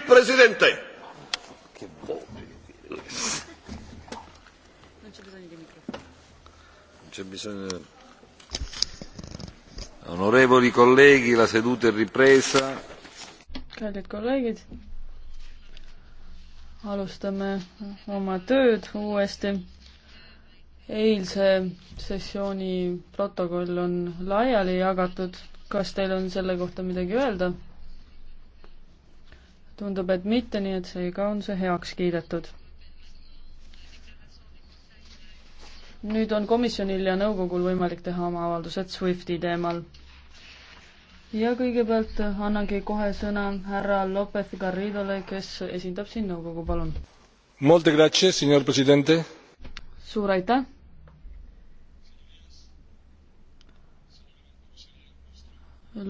il Presidente. Che voce che Non c'è bisogno di microfono. Non c'è bisogno. Onorevoli colleghi, la seduta è ripresa. Kallid kolleegid, alustame oma tööd uuesti. eilse sessiooni protokoll on laiali jagatud. kas teil on selle kohta midagi öelda? tundub, et mitte, nii et seega on see heaks kiidetud. nüüd on komisjonil ja nõukogul võimalik teha oma avaldused SWIFTi teemal. ja kõigepealt annangi kohe sõna härra Lopez Garridole, kes esindab siin nõukogu, palun. suur aitäh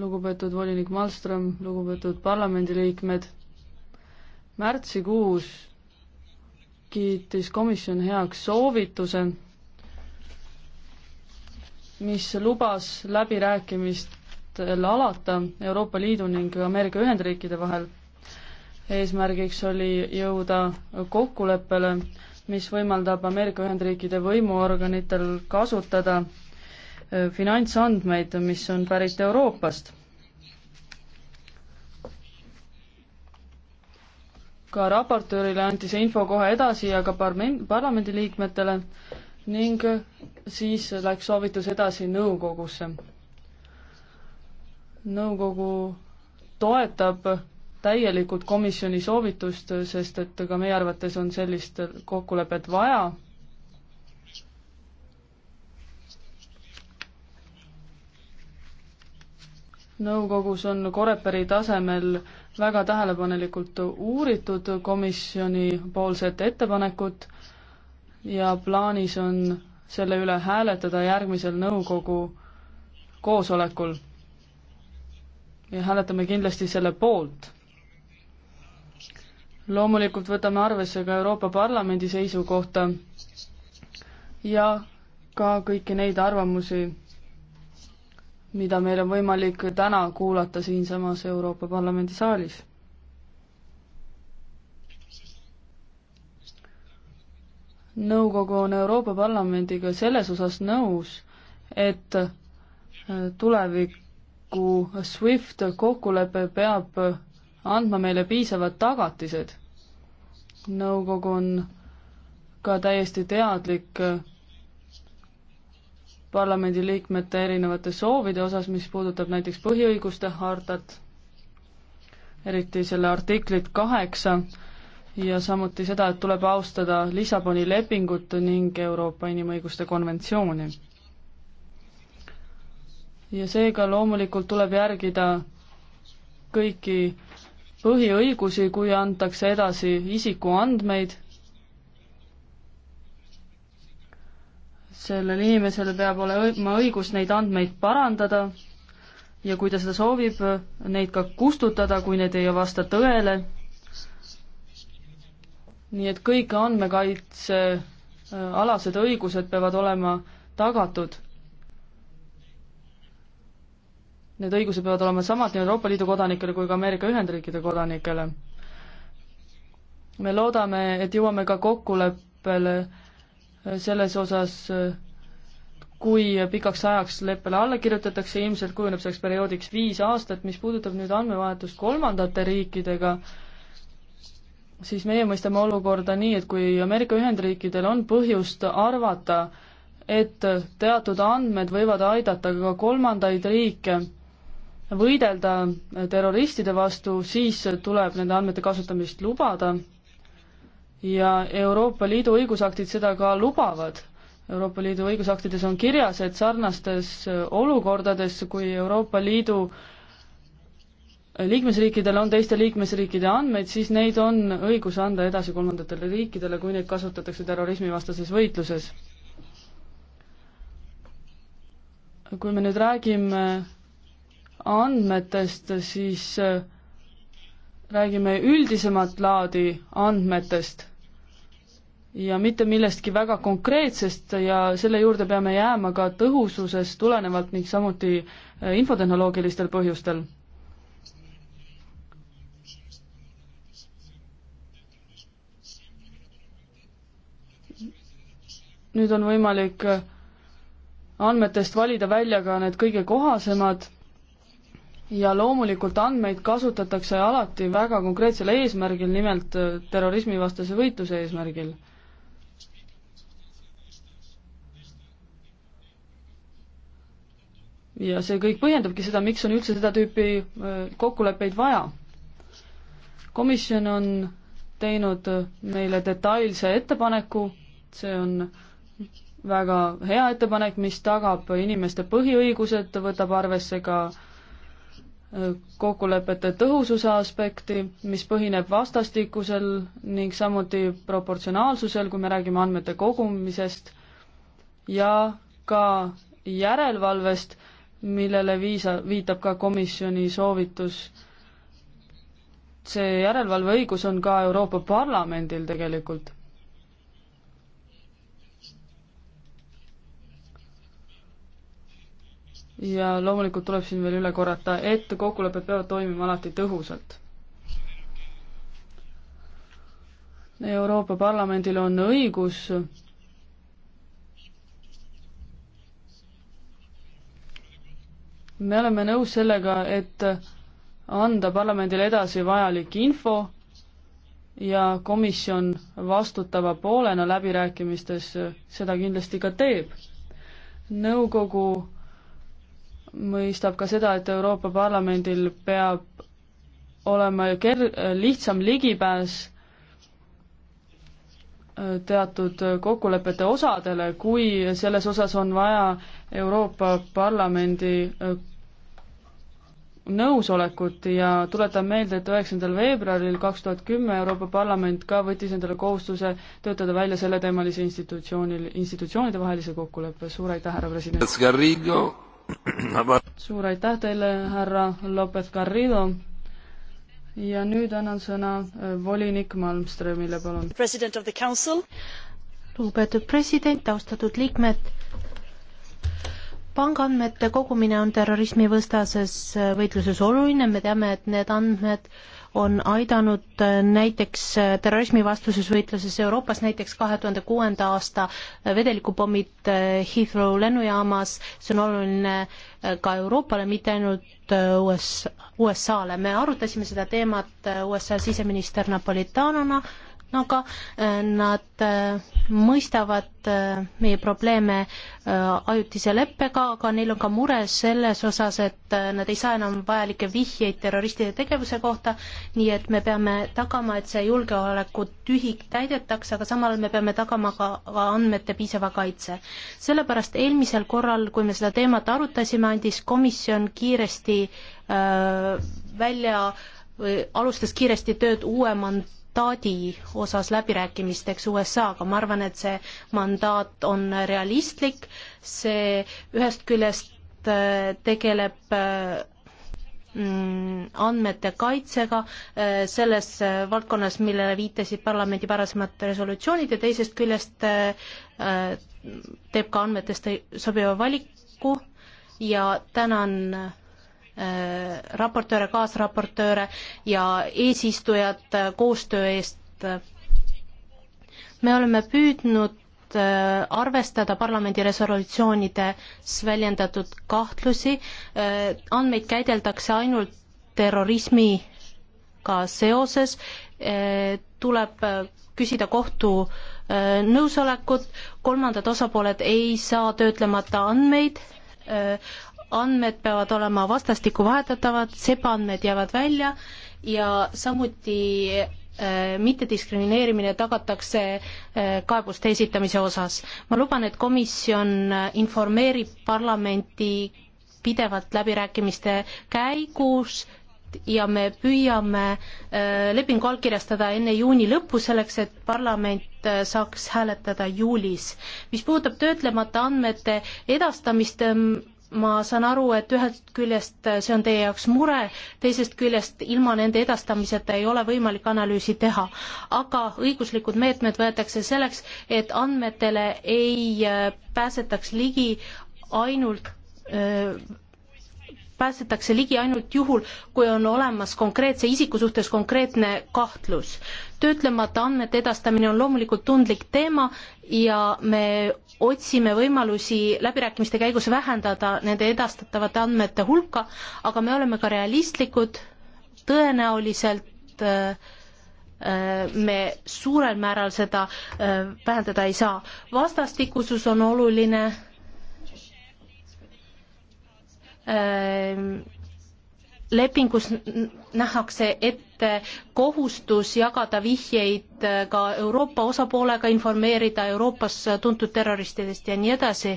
lugupeetud volinik Malmström, lugupeetud parlamendiliikmed märtsikuus kiitis komisjon heaks soovituse, mis lubas läbirääkimistel alata Euroopa Liidu ning Ameerika Ühendriikide vahel. eesmärgiks oli jõuda kokkuleppele, mis võimaldab Ameerika Ühendriikide võimuorganitel kasutada finantsandmeid, mis on pärit Euroopast ka raportöörile anti see info kohe edasi ja ka parlamendiliikmetele ning siis läks soovitus edasi nõukogusse. nõukogu toetab täielikult komisjoni soovitust, sest et ka meie arvates on sellist kokkulepet vaja nõukogus on Koreperi tasemel väga tähelepanelikult uuritud komisjoni poolset ettepanekut ja plaanis on selle üle hääletada järgmisel nõukogu koosolekul. ja hääletame kindlasti selle poolt. loomulikult võtame arvesse ka Euroopa Parlamendi seisukohta ja ka kõiki neid arvamusi, mida meil on võimalik täna kuulata siinsamas Euroopa Parlamendi saalis. nõukogu on Euroopa Parlamendiga selles osas nõus, et äh, tuleviku SWIFT kokkulepe peab andma meile piisavad tagatised. nõukogu on ka täiesti teadlik äh, parlamendiliikmete erinevate soovide osas, mis puudutab näiteks põhiõiguste hartat, eriti selle artiklit kaheksa, ja samuti seda, et tuleb austada Lissaboni lepingut ning Euroopa Inimõiguste konventsiooni. ja seega loomulikult tuleb järgida kõiki põhiõigusi, kui antakse edasi isikuandmeid sellel inimesel peab olema õigus neid andmeid parandada ja kui ta seda soovib, neid ka kustutada, kui need ei vasta tõele. nii et kõik andmekaitsealased äh, õigused peavad olema tagatud. Need õigused peavad olema samad nii Euroopa Liidu kodanikele kui ka Ameerika Ühendriikide kodanikele. me loodame, et jõuame ka kokkuleppele selles osas, kui pikaks ajaks leppele alla kirjutatakse, ilmselt kujuneb selleks perioodiks viis aastat, mis puudutab nüüd andmevahetust kolmandate riikidega, siis meie mõistame olukorda nii, et kui Ameerika Ühendriikidel on põhjust arvata, et teatud andmed võivad aidata ka kolmandaid riike võidelda terroristide vastu, siis tuleb nende andmete kasutamist lubada ja Euroopa Liidu õigusaktid seda ka lubavad. Euroopa Liidu õigusaktides on kirjas, et sarnastes äh, olukordades, kui Euroopa Liidu äh, liikmesriikidel on teiste liikmesriikide andmeid, siis neid on õigus anda edasi kolmandatele riikidele, kui neid kasutatakse terrorismivastases võitluses. kui me nüüd räägime andmetest, siis äh, räägime üldisemat laadi andmetest ja mitte millestki väga konkreetsest ja selle juurde peame jääma ka tõhususest tulenevalt ning samuti äh, infotehnoloogilistel põhjustel. nüüd on võimalik äh, andmetest valida välja ka need kõige kohasemad ja loomulikult andmeid kasutatakse alati väga konkreetsel eesmärgil, nimelt äh, terrorismivastase võitluse eesmärgil ja see kõik põhjendabki seda, miks on üldse seda tüüpi kokkuleppeid vaja. komisjon on teinud meile detailse ettepaneku, see on väga hea ettepanek, mis tagab inimeste põhiõigused, võtab arvesse ka kokkulepete tõhususe aspekti, mis põhineb vastastikusel ning samuti proportsionaalsusel, kui me räägime andmete kogumisest, ja ka järelevalvest, millele viisa, viitab ka komisjoni soovitus. see järelevalveõigus on ka Euroopa Parlamendil tegelikult. ja loomulikult tuleb siin veel üle korrata, et kokkulepped peavad toimima alati tõhusalt. Euroopa Parlamendil on õigus me oleme nõus sellega, et anda parlamendile edasi vajalik info ja komisjon vastutava poolena läbirääkimistes seda kindlasti ka teeb. nõukogu mõistab ka seda, et Euroopa Parlamendil peab olema ker-, lihtsam ligipääs teatud kokkulepete osadele, kui selles osas on vaja Euroopa Parlamendi nõusolekut ja tuletan meelde, et üheksandal veebruaril kaks tuhat kümme Euroopa Parlament ka võttis endale kohustuse töötada välja selleteemalise institutsioonil, institutsioonide vahelise kokkuleppe. suur aitäh, härra president! suur aitäh teile, härra Lopez Garrido! ja nüüd annan sõna äh, volinik Malmströmile, palun. lugupeetud president, austatud liikmed pangaandmete kogumine on terrorismivastases äh, võitluses oluline, me teame, et need andmed on aidanud äh, näiteks äh, terrorismivastuses võitluses Euroopas, näiteks kahe tuhande kuuenda aasta vedelikupommid Heathrow lennujaamas, see on oluline ka Euroopale, mitte ainult US, USA-le. me arutasime seda teemat USA siseminister Napolitanona aga äh, nad äh, mõistavad äh, meie probleeme ajutise leppega, aga neil on ka mure selles osas, et nad ei saa enam vajalikke vihjeid terroristide tegevuse kohta, nii et me peame tagama, et see julgeolekutühik täidetakse, aga samal me peame tagama ka, ka andmete piisava kaitse. sellepärast eelmisel korral, kui me seda teemat arutasime, andis komisjon kiiresti äh, välja või alustas kiiresti tööd uue mand-, mandaadi osas läbirääkimisteks USA-ga, ma arvan, et see mandaat on realistlik, see ühest küljest äh, tegeleb äh, mm, andmete kaitsega äh, selles valdkonnas, millele viitasid parlamendi varasemad resolutsioonid ja teisest küljest teeb ka andmetest sobiva valiku ja tänan Äh, raportööre, kaasraportööre ja eesistujat äh, koostöö eest. me oleme püüdnud äh, arvestada parlamendi resolutsioonides väljendatud kahtlusi, andmeid käideldakse ainult terrorismiga seoses, tuleb küsida kohtu nõusolekut, kolmandad osapooled ei saa töötlemata andmeid, andmed peavad olema vastastikku vahetatavad, sebaandmed jäävad välja ja samuti äh, mittediskrimineerimine tagatakse äh, kaebuste esitamise osas. ma luban, et komisjon äh, informeerib parlamenti pidevalt läbirääkimiste käigus ja me püüame lepingu allkirjastada enne juuni lõppu, selleks et parlament saaks hääletada juulis. mis puudutab töötlemata andmete edastamist, ähm, ma saan aru, et ühest küljest see on teie jaoks mure, teisest küljest ilma nende edastamiseta ei ole võimalik analüüsi teha. aga õiguslikud meetmed võetakse selleks, et andmetele ei äh, pääsetaks ligi ainult öö, äh, päästetakse ligi ainult juhul, kui on olemas konkreetse isiku suhtes konkreetne kahtlus töötlemata andmete edastamine on loomulikult tundlik teema ja me otsime võimalusi läbirääkimiste käigus vähendada nende edastatavate andmete hulka, aga me oleme ka realistlikud, tõenäoliselt äh, äh me suurel määral seda äh, vähendada ei saa. vastastikusus on oluline. Äh, lepingus nähakse ette kohustus jagada vihjeid ka Euroopa osapoolega, informeerida Euroopas tuntud terroristidest ja nii edasi.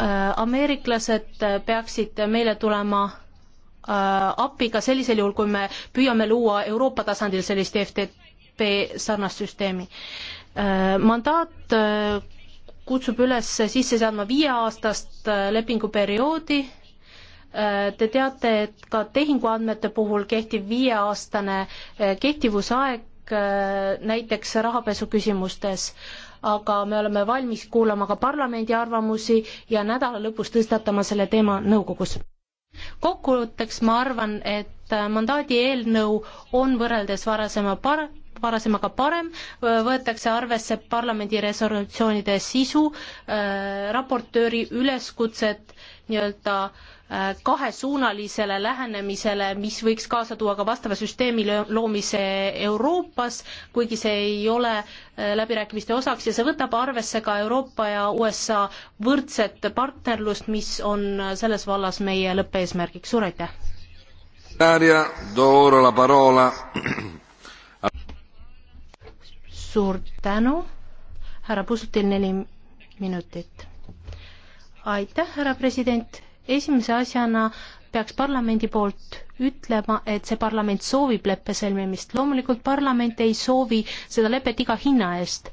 Äh, ameeriklased peaksid meile tulema äh, appi ka sellisel juhul, kui me püüame luua Euroopa tasandil sellist FTP sarnast süsteemi. Äh, mandaat kutsub üles sisse seadma viieaastast äh, lepinguperioodi. Äh, te teate, et ka tehinguandmete puhul kehtib viieaastane äh, kehtivusaeg näiteks rahapesu küsimustes, aga me oleme valmis kuulama ka parlamendi arvamusi ja nädala lõpus tõstatama selle teema nõukogus. kokkuvõtteks ma arvan, et mandaadi eelnõu on võrreldes varasema par-, varasemaga parem, võetakse arvesse parlamendi resolutsioonide sisu, äh, raportööri üleskutset nii-öelda äh, kahesuunalisele lähenemisele, mis võiks kaasa tuua ka vastava süsteemi loomise Euroopas, kuigi see ei ole äh, läbirääkimiste osaks ja see võtab arvesse ka Euroopa ja USA võrdset partnerlust, mis on selles vallas meie lõppeesmärgiks, suur aitäh! suur tänu, härra Pusutil neli minutit. aitäh, härra president, esimese asjana peaks parlamendi poolt ütlema, et see parlament soovib leppe sõlmimist, loomulikult parlament ei soovi seda lepet iga hinna eest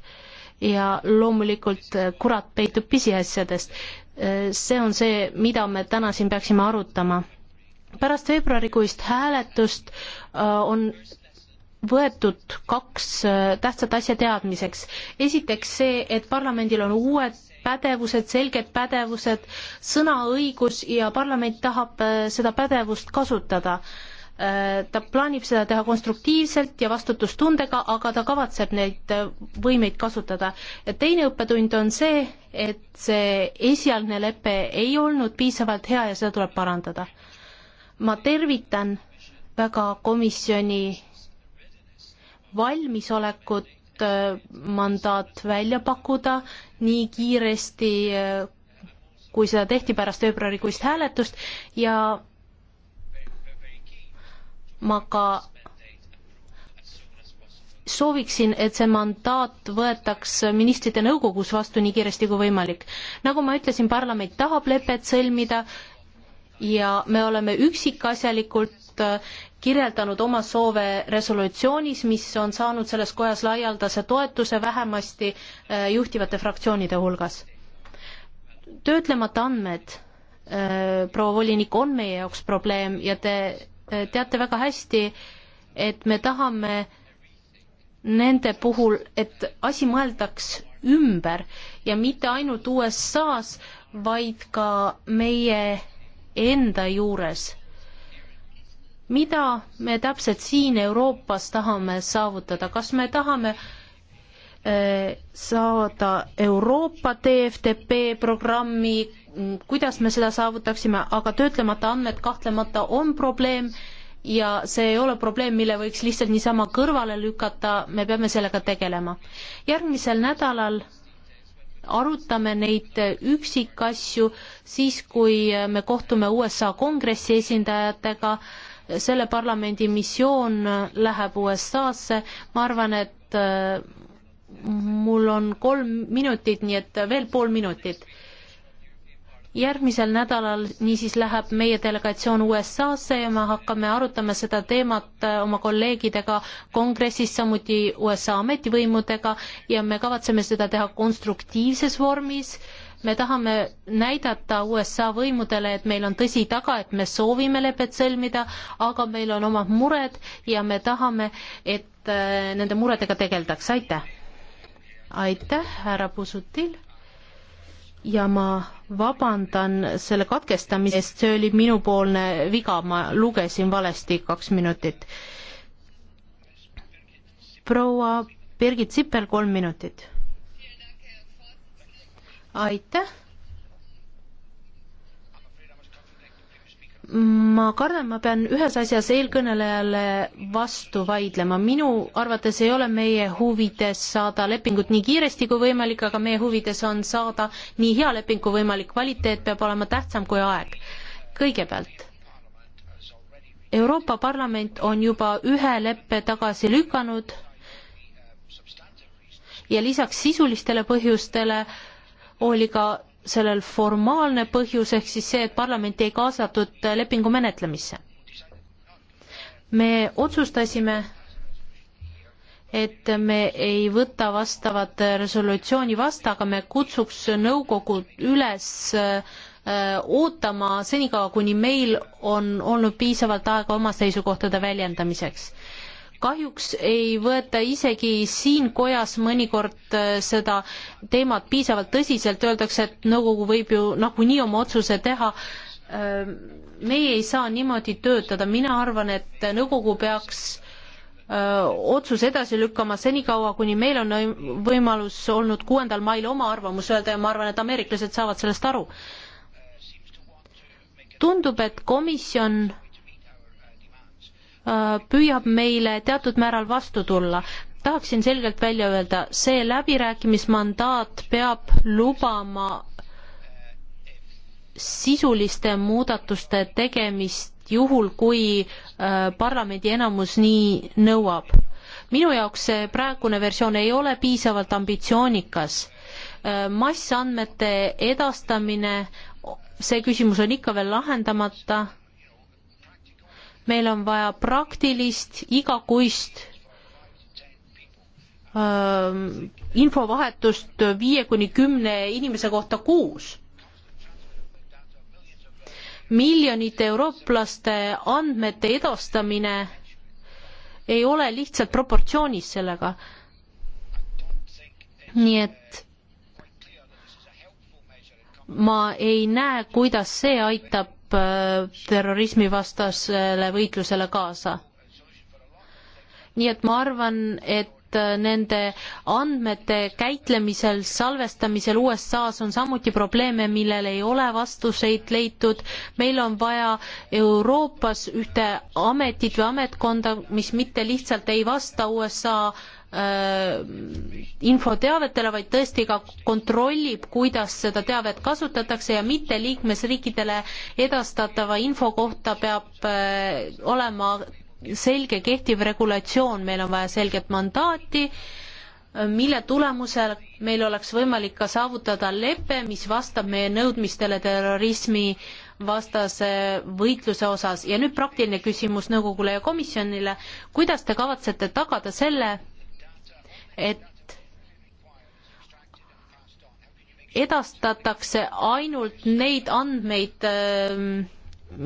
ja loomulikult eh, kurat peitub pisiasjadest. Eh, see on see, mida me täna siin peaksime arutama pärast veebruarikuist hääletust eh, on võetud kaks äh, tähtsat asja teadmiseks. esiteks see, et parlamendil on uued pädevused, selged pädevused, sõnaõigus ja parlament tahab äh, seda pädevust kasutada. Äh, ta plaanib seda teha konstruktiivselt ja vastutustundega, aga ta kavatseb neid võimeid kasutada. ja teine õppetund on see, et see esialgne lepe ei olnud piisavalt hea ja seda tuleb parandada. ma tervitan väga komisjoni valmisolekut äh, mandaat välja pakkuda nii kiiresti, äh, kui seda tehti pärast veebruarikuist hääletust ja ma ka sooviksin, et see mandaat võetaks ministrite nõukogus vastu nii kiiresti kui võimalik. nagu ma ütlesin, parlament tahab lepet sõlmida ja me oleme üksikasjalikult kord äh, kirjeldanud oma soove resolutsioonis, mis on saanud selles kojas laialdase toetuse vähemasti äh, juhtivate fraktsioonide hulgas. töötlemata andmed, äh, proua volinik, on meie jaoks probleem ja te teate väga hästi, et me tahame nende puhul, et asi mõeldaks ümber ja mitte ainult USA-s, vaid ka meie enda juures mida me täpselt siin Euroopas tahame saavutada, kas me tahame äh, saada Euroopa DFDP programmi, kuidas me seda saavutaksime, aga töötlemata andmed kahtlemata on probleem ja see ei ole probleem, mille võiks lihtsalt niisama kõrvale lükata, me peame sellega tegelema. järgmisel nädalal arutame neid üksikasju siis, kui me kohtume USA kongressi esindajatega äh, selle parlamendi missioon läheb USA-sse, ma arvan, et äh, mul on kolm minutit, nii et veel pool minutit. järgmisel nädalal niisiis läheb meie delegatsioon USA-sse ja me hakkame arutama seda teemat äh, oma kolleegidega kongressis, samuti USA ametivõimudega ja me kavatseme seda teha konstruktiivses vormis äh, me tahame näidata USA võimudele, et meil on tõsi taga, et me soovime lepet sõlmida, aga meil on omad mured ja me tahame, et äh, nende muredega tegeldakse, aitäh. aitäh, härra Pusutil. ja ma vabandan selle katkestamise eest, see oli minupoolne viga, ma lugesin valesti kaks minutit. proua Birgit Sipel, kolm minutit aitäh. ma kardan, ma pean ühes asjas eelkõnelejale vastu vaidlema. minu arvates ei ole meie huvides saada lepingut nii kiiresti kui võimalik, aga meie huvides on saada nii hea leping kui võimalik. kvaliteet peab olema tähtsam kui aeg. kõigepealt Euroopa Parlament on juba ühe leppe tagasi lükanud ja lisaks sisulistele põhjustele äh, oli ka sellel formaalne põhjus, ehk siis see, et parlamenti ei kaasatud lepingu menetlemisse. me otsustasime, et me ei võta vastavat resolutsiooni vastu, aga me kutsuks nõukogu üles äh, ootama senikaua, kuni meil on olnud piisavalt aega oma seisukohtade väljendamiseks kahjuks ei võeta isegi siin kojas mõnikord äh, seda teemat piisavalt tõsiselt, öeldakse, et nõukogu võib ju nagunii oma otsuse teha. Ähm, meie ei saa niimoodi töötada, mina arvan, et nõukogu peaks äh, otsuse edasi lükkama senikaua, kuni meil on võimalus olnud kuuendal mail oma arvamus öelda ja ma arvan, et ameeriklased saavad sellest aru. tundub, et komisjon Äh, püüab meile teatud määral vastu tulla. tahaksin selgelt välja öelda, see läbirääkimismandaat peab lubama sisuliste muudatuste tegemist juhul, kui äh, parlamendi enamus nii nõuab. minu jaoks see praegune versioon ei ole piisavalt ambitsioonikas. Äh, massandmete edastamine, see küsimus on ikka veel lahendamata meil on vaja praktilist igakuist äh, infovahetust viie kuni kümne inimese kohta kuus. miljonite eurooplaste andmete edastamine ei ole lihtsalt proportsioonis sellega. nii et ma ei näe, kuidas see aitab aitab äh, terrorismivastasele võitlusele kaasa. nii et ma arvan, et äh, nende andmete käitlemisel, salvestamisel USA-s on samuti probleeme, millele ei ole vastuseid leitud. meil on vaja Euroopas ühte ametit või ametkonda, mis mitte lihtsalt ei vasta USA Äh, infoteavetele, vaid tõesti ka kontrollib, kuidas seda teavet kasutatakse ja mitte liikmesriikidele edastatava info kohta peab äh, olema selge kehtiv regulatsioon, meil on vaja selget mandaati, äh, mille tulemusel meil oleks võimalik ka saavutada lepe, mis vastab meie nõudmistele terrorismi vastase võitluse osas ja nüüd praktiline küsimus nõukogule ja komisjonile, kuidas te kavatsete tagada selle, et edastatakse ainult neid andmeid, ähm,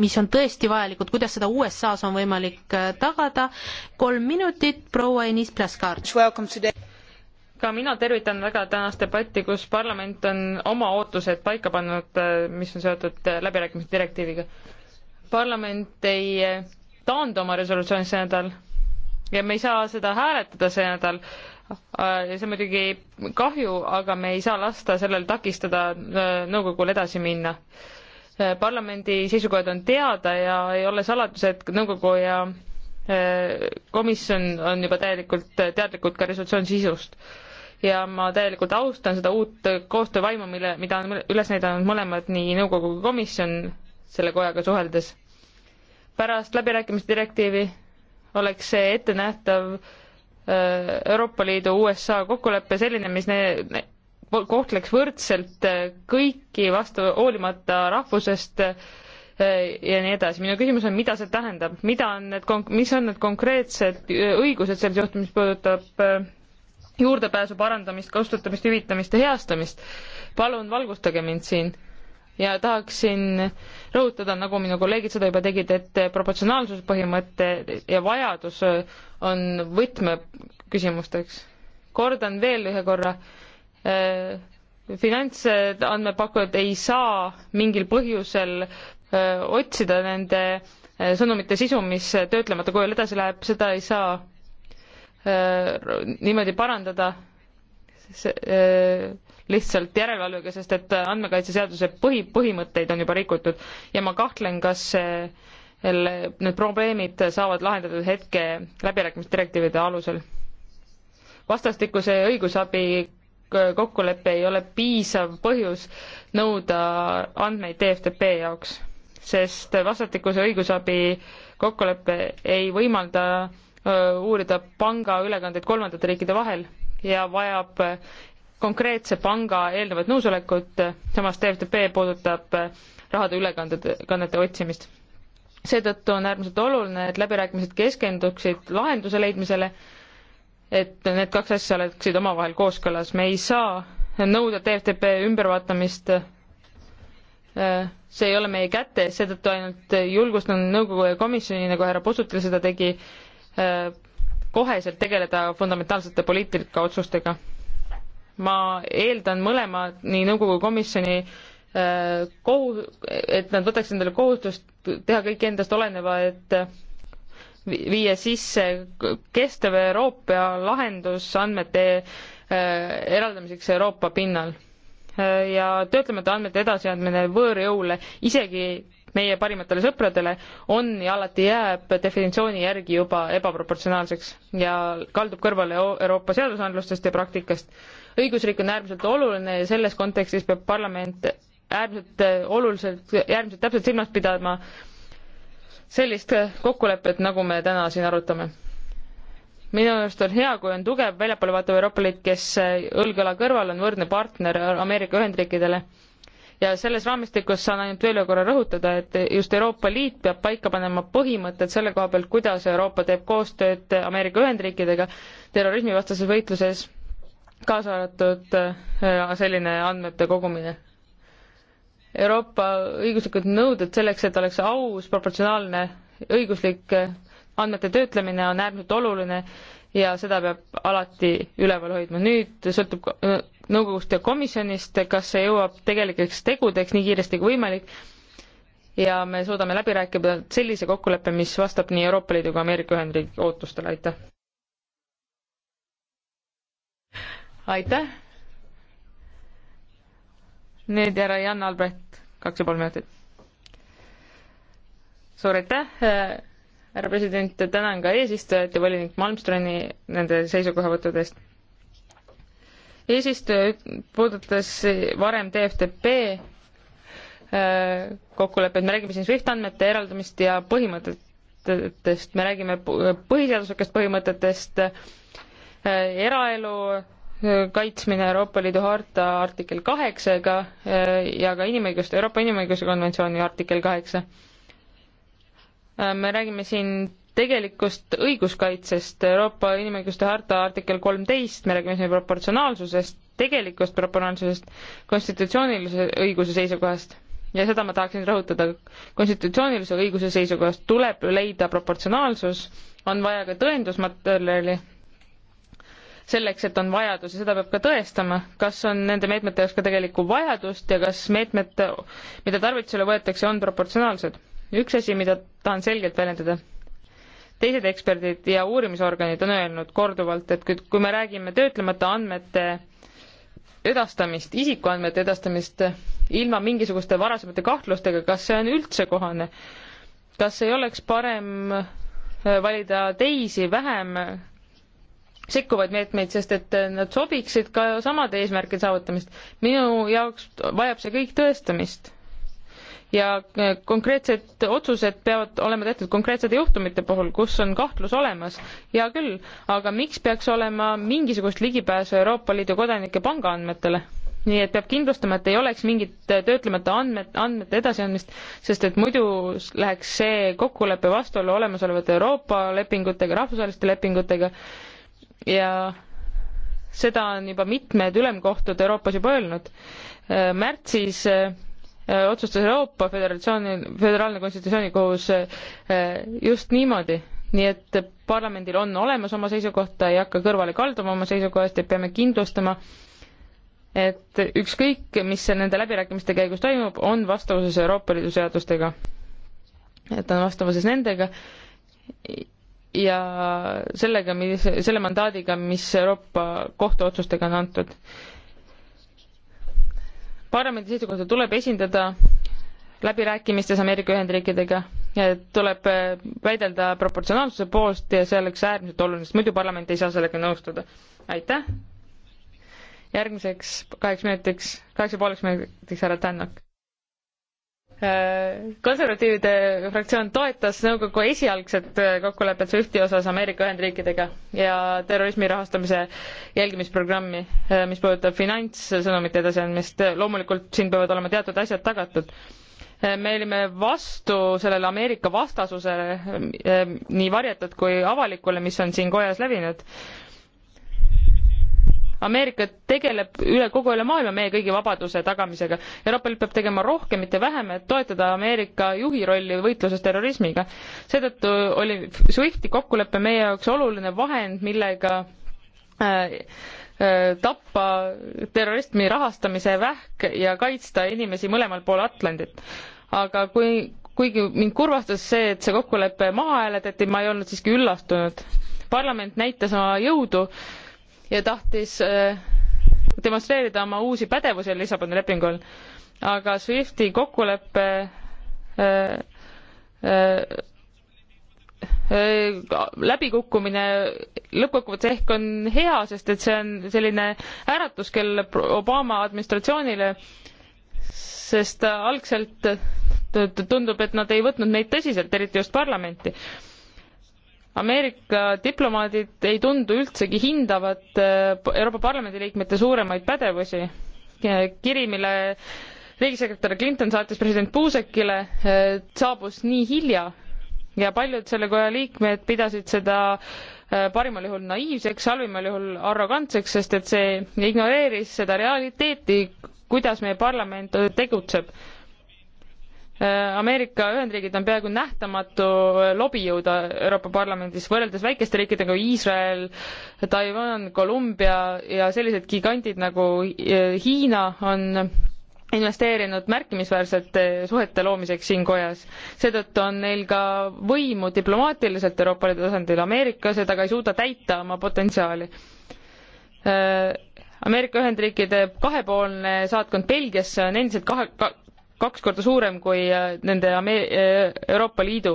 mis on tõesti vajalikud, kuidas seda USA-s on võimalik äh, tagada. kolm minutit, proua Enis Plaskar ka mina tervitan väga tänast debatti, kus parlament on oma ootused paika pannud, äh, mis on seotud äh, läbirääkimiste direktiiviga. parlament ei taandu oma resolutsioonis see nädal ja me ei saa seda hääletada see nädal, Äh, see on muidugi kahju, aga me ei saa lasta sellel takistada äh, nõukogul edasi minna. Äh, parlamendi seisukohad on teada ja ei ole saladus, et nõukogu ja komisjon on juba täielikult teadlikud ka resolutsiooni sisust. ja ma täielikult austan seda uut koostöövaimu, mille, mida on üles näidanud mõlemad, nii nõukogu kui komisjon, selle kojaga suheldes. pärast läbirääkimisdirektiivi oleks see ettenähtav äh, Euroopa Liidu USA kokkulepe selline, mis ne-, kohtleks võrdselt äh, kõiki vastu, hoolimata rahvusest äh, ja nii edasi. minu küsimus on, mida see tähendab, mida on need, mis on need konkreetsed äh, õigused selles juhtumis, mis puudutab juurdepääsu parandamist, kasutamist, hüvitamist ja heastamist? palun valgustage mind siin ja tahaksin rõhutada, nagu minu kolleegid seda juba tegid, et proportsionaalsuspõhimõte ja vajadus on võtmeküsimusteks. kordan veel ühe korra, äh, finantsandmepakkujad ei saa mingil põhjusel äh, otsida nende äh, sõnumite sisu, mis töötlemata kujul edasi läheb, seda ei saa niimoodi parandada lihtsalt järelevalvega, sest et andmekaitseseaduse põhi, põhimõtteid on juba rikutud ja ma kahtlen, kas need probleemid saavad lahendatud hetke läbirääkimisdirektiivide alusel. vastastikuse õigusabi kokkulepe ei ole piisav põhjus nõuda andmeid DFDP jaoks, sest vastastikuse õigusabi kokkulepe ei võimalda uurida pangaülekandeid kolmandate riikide vahel ja vajab konkreetse panga eelnevat nõusolekut, samas TFTP puudutab äh, rahade ülekandede, kannete otsimist. seetõttu on äärmiselt oluline, et läbirääkimised keskenduksid lahenduse leidmisele, et need kaks asja oleksid omavahel kooskõlas, me ei saa nõuda TFTP ümbervaatamist, äh, see ei ole meie kätes, seetõttu ainult julgustan nõukogu ja komisjoni, nagu härra Pusutil seda tegi, äh, koheselt tegeleda fundamentaalsete poliitikaotsustega ma eeldan mõlema, nii nõukogu komisjoni äh, kohu-, et nad võtaks endale kohustust teha kõik endast oleneva, et viia sisse kestev Euroopa lahendus andmete äh, eraldamiseks Euroopa pinnal. Äh, ja töötlemata andmete edasiandmine võõrjõule, isegi meie parimatele sõpradele, on ja alati jääb definitsiooni järgi juba ebaproportsionaalseks ja kaldub kõrvale Euroopa seadusandlustest ja praktikast. õigusriik on äärmiselt oluline ja selles kontekstis peab parlament äärmiselt äh, oluliselt, äärmiselt täpselt silmas pidama sellist kokkulepet, nagu me täna siin arutame minu arust on hea, kui on tugev väljapoole vaatav Euroopa Liit, kes äh, õlg õla kõrval on võrdne partner Ameerika Ühendriikidele ja selles raamistikus saan ainult veel ühe korra rõhutada, et just Euroopa Liit peab paika panema põhimõtted selle koha pealt, kuidas Euroopa teeb koostööd Ameerika Ühendriikidega terrorismivastases võitluses, kaasa arvatud äh, selline andmete kogumine. Euroopa õiguslikud nõuded selleks, et oleks aus, proportsionaalne õiguslik äh, andmete töötlemine on äärmiselt oluline ja seda peab alati üleval hoidma. nüüd sõltub nõukogust ja komisjonist, kas see jõuab tegelikeks tegudeks nii kiiresti kui võimalik ja me suudame läbi rääkida sellise kokkuleppe, mis vastab nii Euroopa Liidu kui Ameerika Ühendriigi ootustele, aitäh. aitäh. nüüd härra Jan Albrecht, kaks ja pool minutit. suur aitäh, härra president, tänan ka eesistujat ja volinik Malmstroni nende seisukohavõttude eest eesistuja puudutas varem DFDP äh, kokkulepet, me räägime siin SWIFT andmete eraldamist ja põhimõtetest, me räägime põhiseaduslikest põhimõtetest, äh, eraelu äh, kaitsmine Euroopa Liidu harta artikkel kaheksaga ja ka inimõiguste, Euroopa Inimõiguste Konventsiooni artikkel kaheksa. me räägime siin tegelikust õiguskaitsest, Euroopa Inimõiguste harta artikkel kolmteist, me räägime siin proportsionaalsusest, tegelikust proportsionaalsusest, konstitutsioonilise õiguse seisukohast ja seda ma tahaksin rõhutada, konstitutsioonilise õiguse seisukohast tuleb leida proportsionaalsus, on vaja ka tõendusmaterjali, selleks, et on vajadus ja seda peab ka tõestama, kas on nende meetmete jaoks ka tegelikku vajadust ja kas meetmed, mida tarvitusele võetakse, on proportsionaalsed. üks asi, mida tahan selgelt väljendada teised eksperdid ja uurimisorganid on öelnud korduvalt, et kui me räägime töötlemata andmete edastamist, isikuandmete edastamist ilma mingisuguste varasemate kahtlustega, kas see on üldse kohane? kas ei oleks parem äh, valida teisi, vähem sekkuvaid meetmeid, sest et äh, nad sobiksid ka samade eesmärkide saavutamist. minu jaoks vajab see kõik tõestamist ja äh, konkreetsed otsused peavad olema tehtud konkreetsete juhtumite puhul, kus on kahtlus olemas. hea küll, aga miks peaks olema mingisugust ligipääsu Euroopa Liidu kodanike pangaandmetele? nii et peab kindlustama, et ei oleks mingit äh, töötlemata andmed, andmete edasiandmist, sest et muidu läheks see kokkulepe vastuollu olemasolevate Euroopa lepingutega, rahvusvaheliste lepingutega ja seda on juba mitmed ülemkohtud Euroopas juba öelnud. Äh, märtsis Äh, otsustas Euroopa Föderatsiooni, Föderaalne Konstitutsioonikohus äh, äh, just niimoodi, nii et parlamendil on olemas oma seisukohta, ei hakka kõrvale kalduma oma seisukohast ja peame kindlustama, et ükskõik, mis nende läbirääkimiste käigus toimub, on vastavuses Euroopa Liidu seadustega. et on vastavuses nendega ja sellega, mis, selle mandaadiga, mis Euroopa kohtuotsustega on antud parlamendi seisukohta tuleb esindada läbirääkimistes Ameerika Ühendriikidega, tuleb äh, väidelda proportsionaalsuse poolt ja see oleks äärmiselt oluline, sest muidu parlament ei saa sellega nõustuda. aitäh! järgmiseks kaheks minutiks, kaheksa pooleks minutiks härra Tänak. Äh, konservatiivide fraktsioon toetas nõukogu esialgset äh, kokkulepet SWIFTi osas Ameerika Ühendriikidega ja terrorismi rahastamise jälgimisprogrammi, äh, mis puudutab finantssõnumite edasiandmist. loomulikult siin peavad olema teatud asjad tagatud. me olime vastu sellele Ameerika vastasusele, nii varjatud kui avalikule, mis on siin kojas levinud Ameerika tegeleb üle kogu üle maailma meie kõigi vabaduse tagamisega. Euroopa Liit peab tegema rohkem, mitte vähem, et toetada Ameerika juhi rolli võitluses terrorismiga. seetõttu oli SWIFTi kokkulepe meie jaoks oluline vahend, millega äh, äh tappa terrorismi rahastamise vähk ja kaitsta inimesi mõlemal pool Atlandit. aga kui, kuigi mind kurvastas see, et see kokkulepe maha hääletati, ma ei olnud siiski üllatunud. parlament näitas oma jõudu ja tahtis äh, demonstreerida oma uusi pädevusi Lissaboni lepingul, aga SWIFTi kokkulepe äh, äh, läbikukkumine lõppkokkuvõttes ehk on hea, sest et see on selline äratuskell Obama administratsioonile, sest algselt tundub, et nad ei võtnud meid tõsiselt, eriti just parlamenti Ameerika diplomaadid ei tundu üldsegi hindavat eh, Euroopa Parlamendi liikmete suuremaid pädevusi. kiri, mille riigisekretär Clinton saatis president Buzekile, eh, saabus nii hilja ja paljud selle koja liikmed pidasid seda eh, parimal juhul naiivseks, halvimal juhul arrogantseks, sest et see ignoreeris seda realiteeti, kuidas meie parlament tegutseb Äh, Ameerika Ühendriigid on peaaegu nähtamatu äh, lobijõud äh, Euroopa Parlamendis, võrreldes väikeste riikidega nagu Iisrael, Taiwan, Kolumbia ja sellised gigandid nagu Hiina on investeerinud märkimisväärselt suhete loomiseks siin kojas. seetõttu on neil ka võimu diplomaatiliselt Euroopa Liidu tasandil Ameerikas ja ta ka ei suuda täita oma potentsiaali. Ameerika Ühendriikide kahepoolne saatkond Belgiasse on endiselt kahe ka,, kaks korda suurem kui äh, nende Ame-, äh, Euroopa Liidu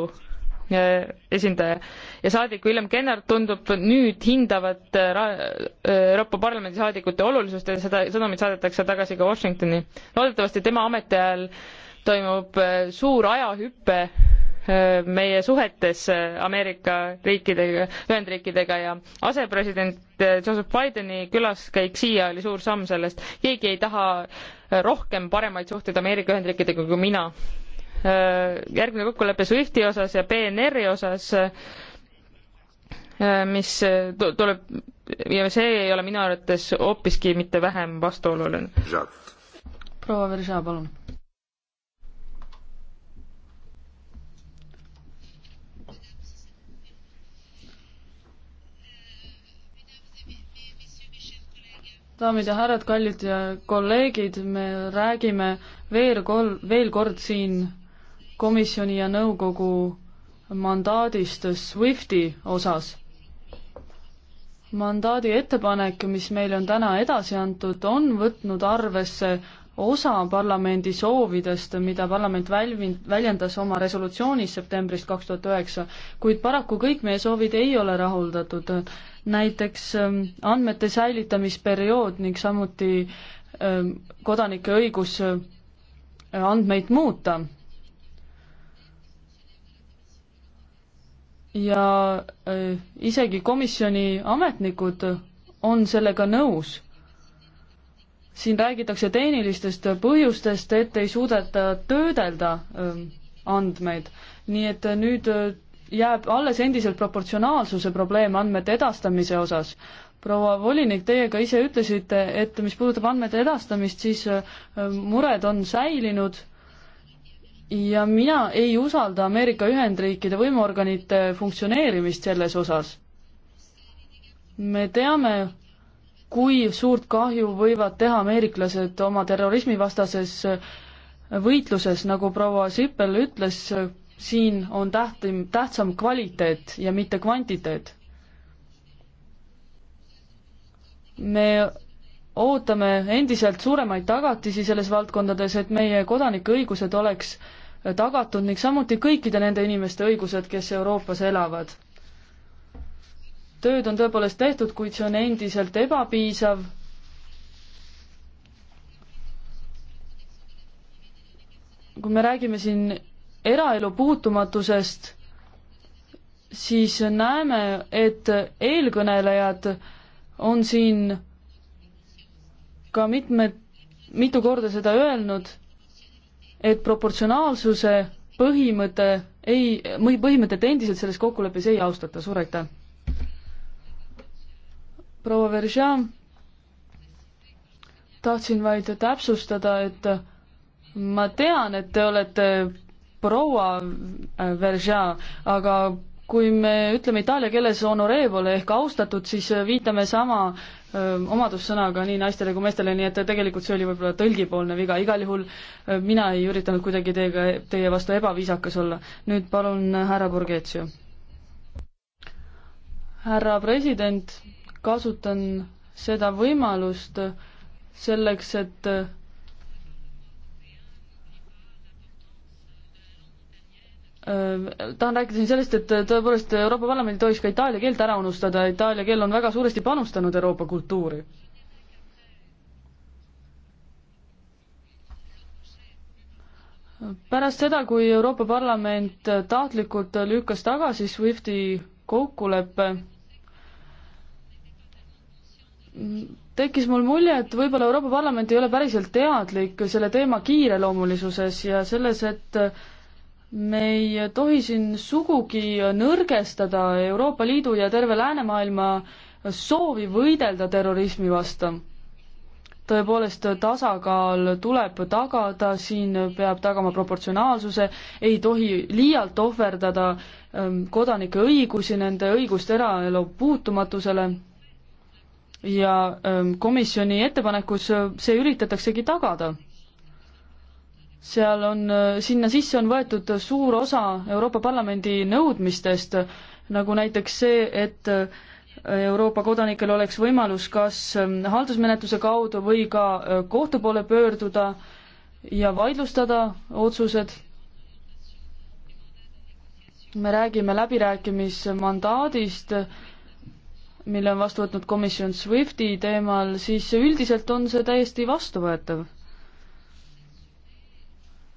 äh, esindaja ja saadik William Kennard tundub nüüd hindavat Euroopa Parlamendi saadikute olulisust ja seda sõnumit saadetakse tagasi ka Washingtoni. loodetavasti tema ametiajal toimub suur ajahüpe meie suhetes Ameerika riikidega, Ühendriikidega ja asepresident Joseph Bideni külaskäik siia oli suur samm sellest. keegi ei taha rohkem paremaid suhteid Ameerika Ühendriikidega kui mina. järgmine kokkulepe SWIFTi osas ja PNR-i osas, mis tuleb ja see ei ole minu arvates hoopiski mitte vähem vastuoluline. proua Veržaa, palun daamid ja härrad, kallid kolleegid, me räägime veel kol-, veel kord siin komisjoni ja nõukogu mandaadist SWIFTi osas. mandaadi ettepanek, mis meile on täna edasi antud, on võtnud arvesse osa parlamendi soovidest, mida parlament välvin-, väljendas oma resolutsioonis septembrist kaks tuhat üheksa, kuid paraku kõik meie soovid ei ole rahuldatud näiteks ähm, andmete säilitamisperiood ning samuti ähm, kodanike õigus äh, andmeid muuta. ja äh, isegi komisjoni ametnikud on sellega nõus siin räägitakse tehnilistest põhjustest, et ei suudeta töödelda ähm, andmeid, nii et äh, nüüd jääb alles endiselt proportsionaalsuse probleem andmete edastamise osas. proua volinik, teie ka ise ütlesite, et mis puudutab andmete edastamist, siis äh, mured on säilinud ja mina ei usalda Ameerika Ühendriikide võimuorganite funktsioneerimist selles osas. me teame, kui suurt kahju võivad teha ameeriklased oma terrorismivastases äh, võitluses, nagu proua Sippel ütles, siin on tähtim, tähtsam kvaliteet ja mitte kvantiteet. me ootame endiselt suuremaid tagatisi selles valdkondades, et meie kodanike õigused oleks tagatud ning samuti kõikide nende inimeste õigused, kes Euroopas elavad. tööd on tõepoolest tehtud, kuid see on endiselt ebapiisav kui me räägime siin eraelu puutumatusest, siis näeme, et eelkõnelejad on siin ka mitmed, mitu korda seda öelnud, et proportsionaalsuse põhimõte ei, või põhimõtet endiselt selles kokkuleppes ei austata, suur aitäh! proua Veržan, tahtsin vaid täpsustada, et ma tean, et te olete proua äh, Veržea, aga kui me ütleme itaalia keeles honorevole ehk austatud, siis äh, viitame sama öö, äh, omadussõnaga nii naistele kui meestele, nii et tegelikult see oli võib-olla tõlgipoolne viga, igal juhul öö, mina ei üritanud kuidagi teiega, teie vastu ebaviisakas olla. nüüd palun härra Borghezio. härra president, kasutan seda võimalust selleks, et Äh, tahan rääkida siin sellest, et äh, tõepoolest Euroopa Parlament ei tohiks ka itaalia keelt ära unustada, itaalia keel on väga suuresti panustanud Euroopa kultuuri. pärast seda, kui Euroopa Parlament tahtlikult lükkas tagasi SWIFTi kokkuleppe, tekkis mul mulje, et võib-olla Euroopa Parlament ei ole päriselt teadlik selle teema kiireloomulisuses ja selles, et me ei tohi siin sugugi nõrgestada Euroopa Liidu ja terve läänemaailma soovi võidelda terrorismi vastu. tõepoolest, tasakaal tuleb tagada, siin peab tagama proportsionaalsuse, ei tohi liialt ohverdada ähm, kodanike õigusi, nende õigust eraelu puutumatusele ja ähm, komisjoni ettepanekus see üritataksegi tagada seal on, sinna sisse on võetud suur osa Euroopa Parlamendi nõudmistest, nagu näiteks see, et Euroopa kodanikel oleks võimalus kas haldusmenetluse kaudu või ka kohtu poole pöörduda ja vaidlustada otsused. me räägime läbirääkimismandaadist, mille on vastu võtnud komisjon SWIFTi teemal, siis üldiselt on see täiesti vastuvõetav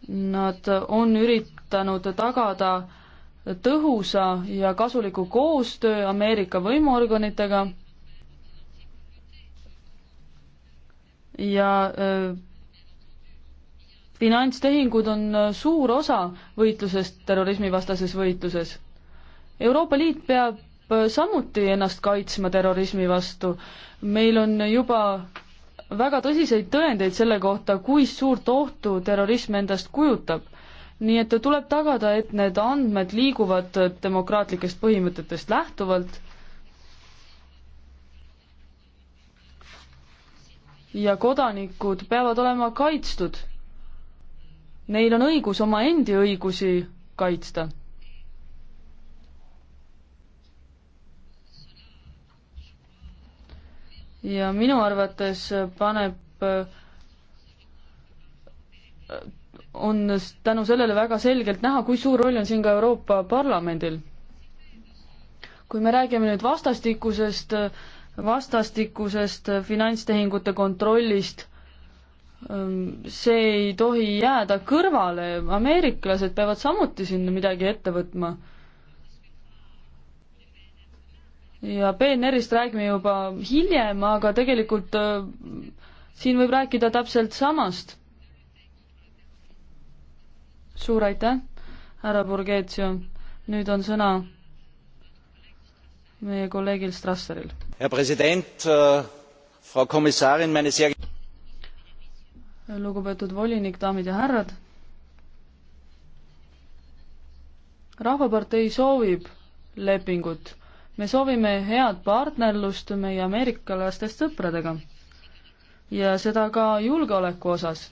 Nad on üritanud tagada tõhusa ja kasuliku koostöö Ameerika võimuorganitega ja finantstehingud on suur osa võitlusest terrorismivastases võitluses. Euroopa Liit peab samuti ennast kaitsma terrorismi vastu. meil on juba väga tõsiseid tõendeid selle kohta, kui suurt ohtu terrorism endast kujutab. nii et tuleb tagada, et need andmed liiguvad demokraatlikest põhimõtetest lähtuvalt ja kodanikud peavad olema kaitstud. Neil on õigus omaendi õigusi kaitsta ja minu arvates paneb, on tänu sellele väga selgelt näha, kui suur roll on siin ka Euroopa Parlamendil. kui me räägime nüüd vastastikusest, vastastikusest finantstehingute kontrollist, see ei tohi jääda kõrvale, ameeriklased peavad samuti siin midagi ette võtma ja PNR-ist räägime juba hiljem, aga tegelikult äh, siin võib rääkida täpselt samast. suur aitäh, härra Burgetio. nüüd on sõna meie kolleegil Strasseril. härra president, äh, Frau Kommissarin, meine sehr lugupeetud volinik, daamid ja härrad. rahvapartei soovib lepingut me soovime head partnerlust meie ameerikalastest sõpradega. ja seda ka julgeoleku osas.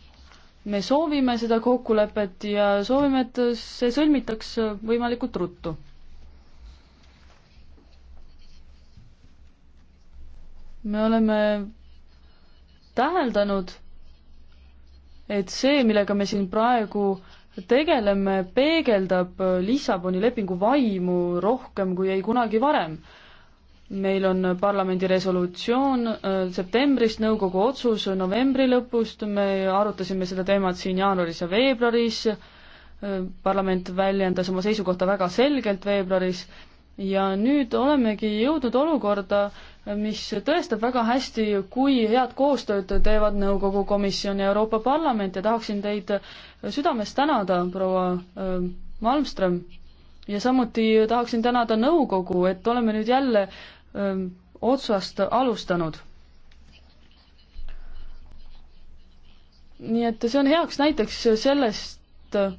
me soovime seda kokkulepet ja soovime, et see sõlmitaks võimalikult ruttu me oleme täheldanud, et see, millega me siin praegu tegeleme, peegeldab Lissaboni lepingu vaimu rohkem kui ei kunagi varem. meil on parlamendi resolutsioon äh, septembrist, nõukogu otsus novembri lõpust, me arutasime seda teemat siin jaanuaris ja veebruaris, äh, parlament väljendas oma seisukohta väga selgelt veebruaris ja nüüd olemegi jõudnud olukorda, mis tõestab väga hästi, kui head koostööd teevad Nõukogu Komisjon ja Euroopa Parlament ja tahaksin teid südamest tänada, proua äh, Malmström. ja samuti tahaksin tänada Nõukogu, et oleme nüüd jälle öö, ähm, otsast alustanud. nii et see on heaks näiteks sellest,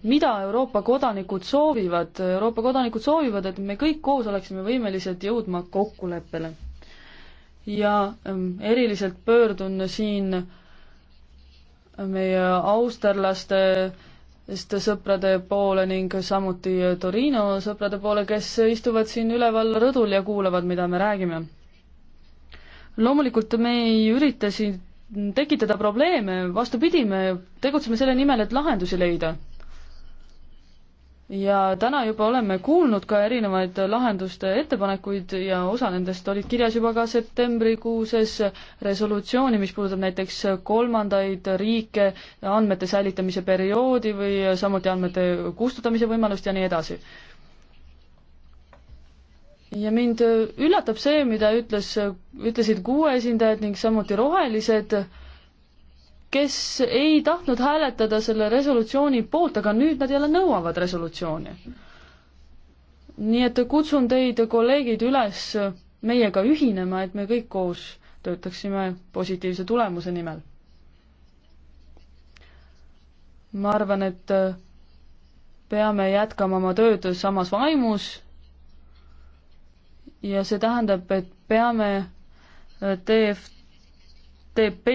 mida Euroopa kodanikud soovivad. Euroopa kodanikud soovivad, et me kõik koos oleksime võimelised jõudma kokkuleppele ja ähm, eriliselt pöördun siin meie austerlastest sõprade poole ning samuti Torino sõprade poole, kes istuvad siin üleval rõdul ja kuulavad, mida me räägime. loomulikult me ei ürita siin tekitada probleeme, vastupidi, me tegutseme selle nimel, et lahendusi leida ja täna juba oleme kuulnud ka erinevaid lahenduste ettepanekuid ja osa nendest olid kirjas juba ka septembrikuuses resolutsiooni, mis puudutab näiteks kolmandaid riike, andmete säilitamise perioodi või samuti andmete kustutamise võimalust ja nii edasi. ja mind üllatab see, mida ütles, ütlesid kuue esindajad ning samuti rohelised, kes ei tahtnud hääletada selle resolutsiooni poolt, aga nüüd nad jälle nõuavad resolutsiooni. nii et kutsun teid, kolleegid, üles meiega ühinema, et me kõik koos töötaksime positiivse tulemuse nimel. ma arvan, et peame jätkama oma tööd samas vaimus ja see tähendab, et peame TF TP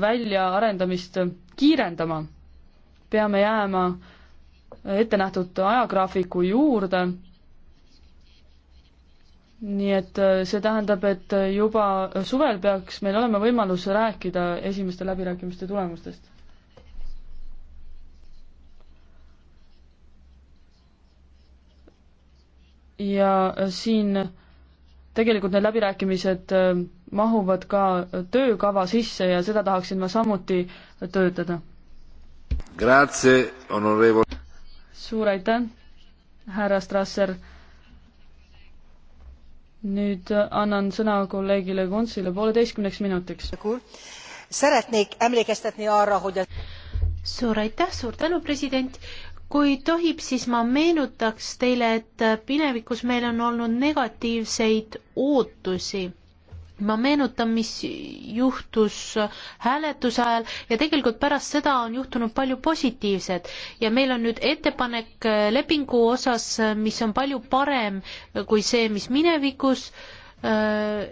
väljaarendamist kiirendama. peame jääma ettenähtud ajagraafiku juurde. nii et see tähendab, et juba suvel peaks meil olema võimalus rääkida esimeste läbirääkimiste tulemustest. ja siin tegelikult need läbirääkimised mahuvad ka töökava sisse ja seda tahaksin ma samuti töötada. suur aitäh, härra Strasser. nüüd annan sõna kolleegile Konsile pooleteistkümneks minutiks. suur aitäh, suur tänu, president kui tohib, siis ma meenutaks teile, et minevikus meil on olnud negatiivseid ootusi ma meenutan, mis juhtus hääletuse ajal ja tegelikult pärast seda on juhtunud palju positiivset ja meil on nüüd ettepanek äh, lepingu osas, äh, mis on palju parem äh, kui see, mis minevikus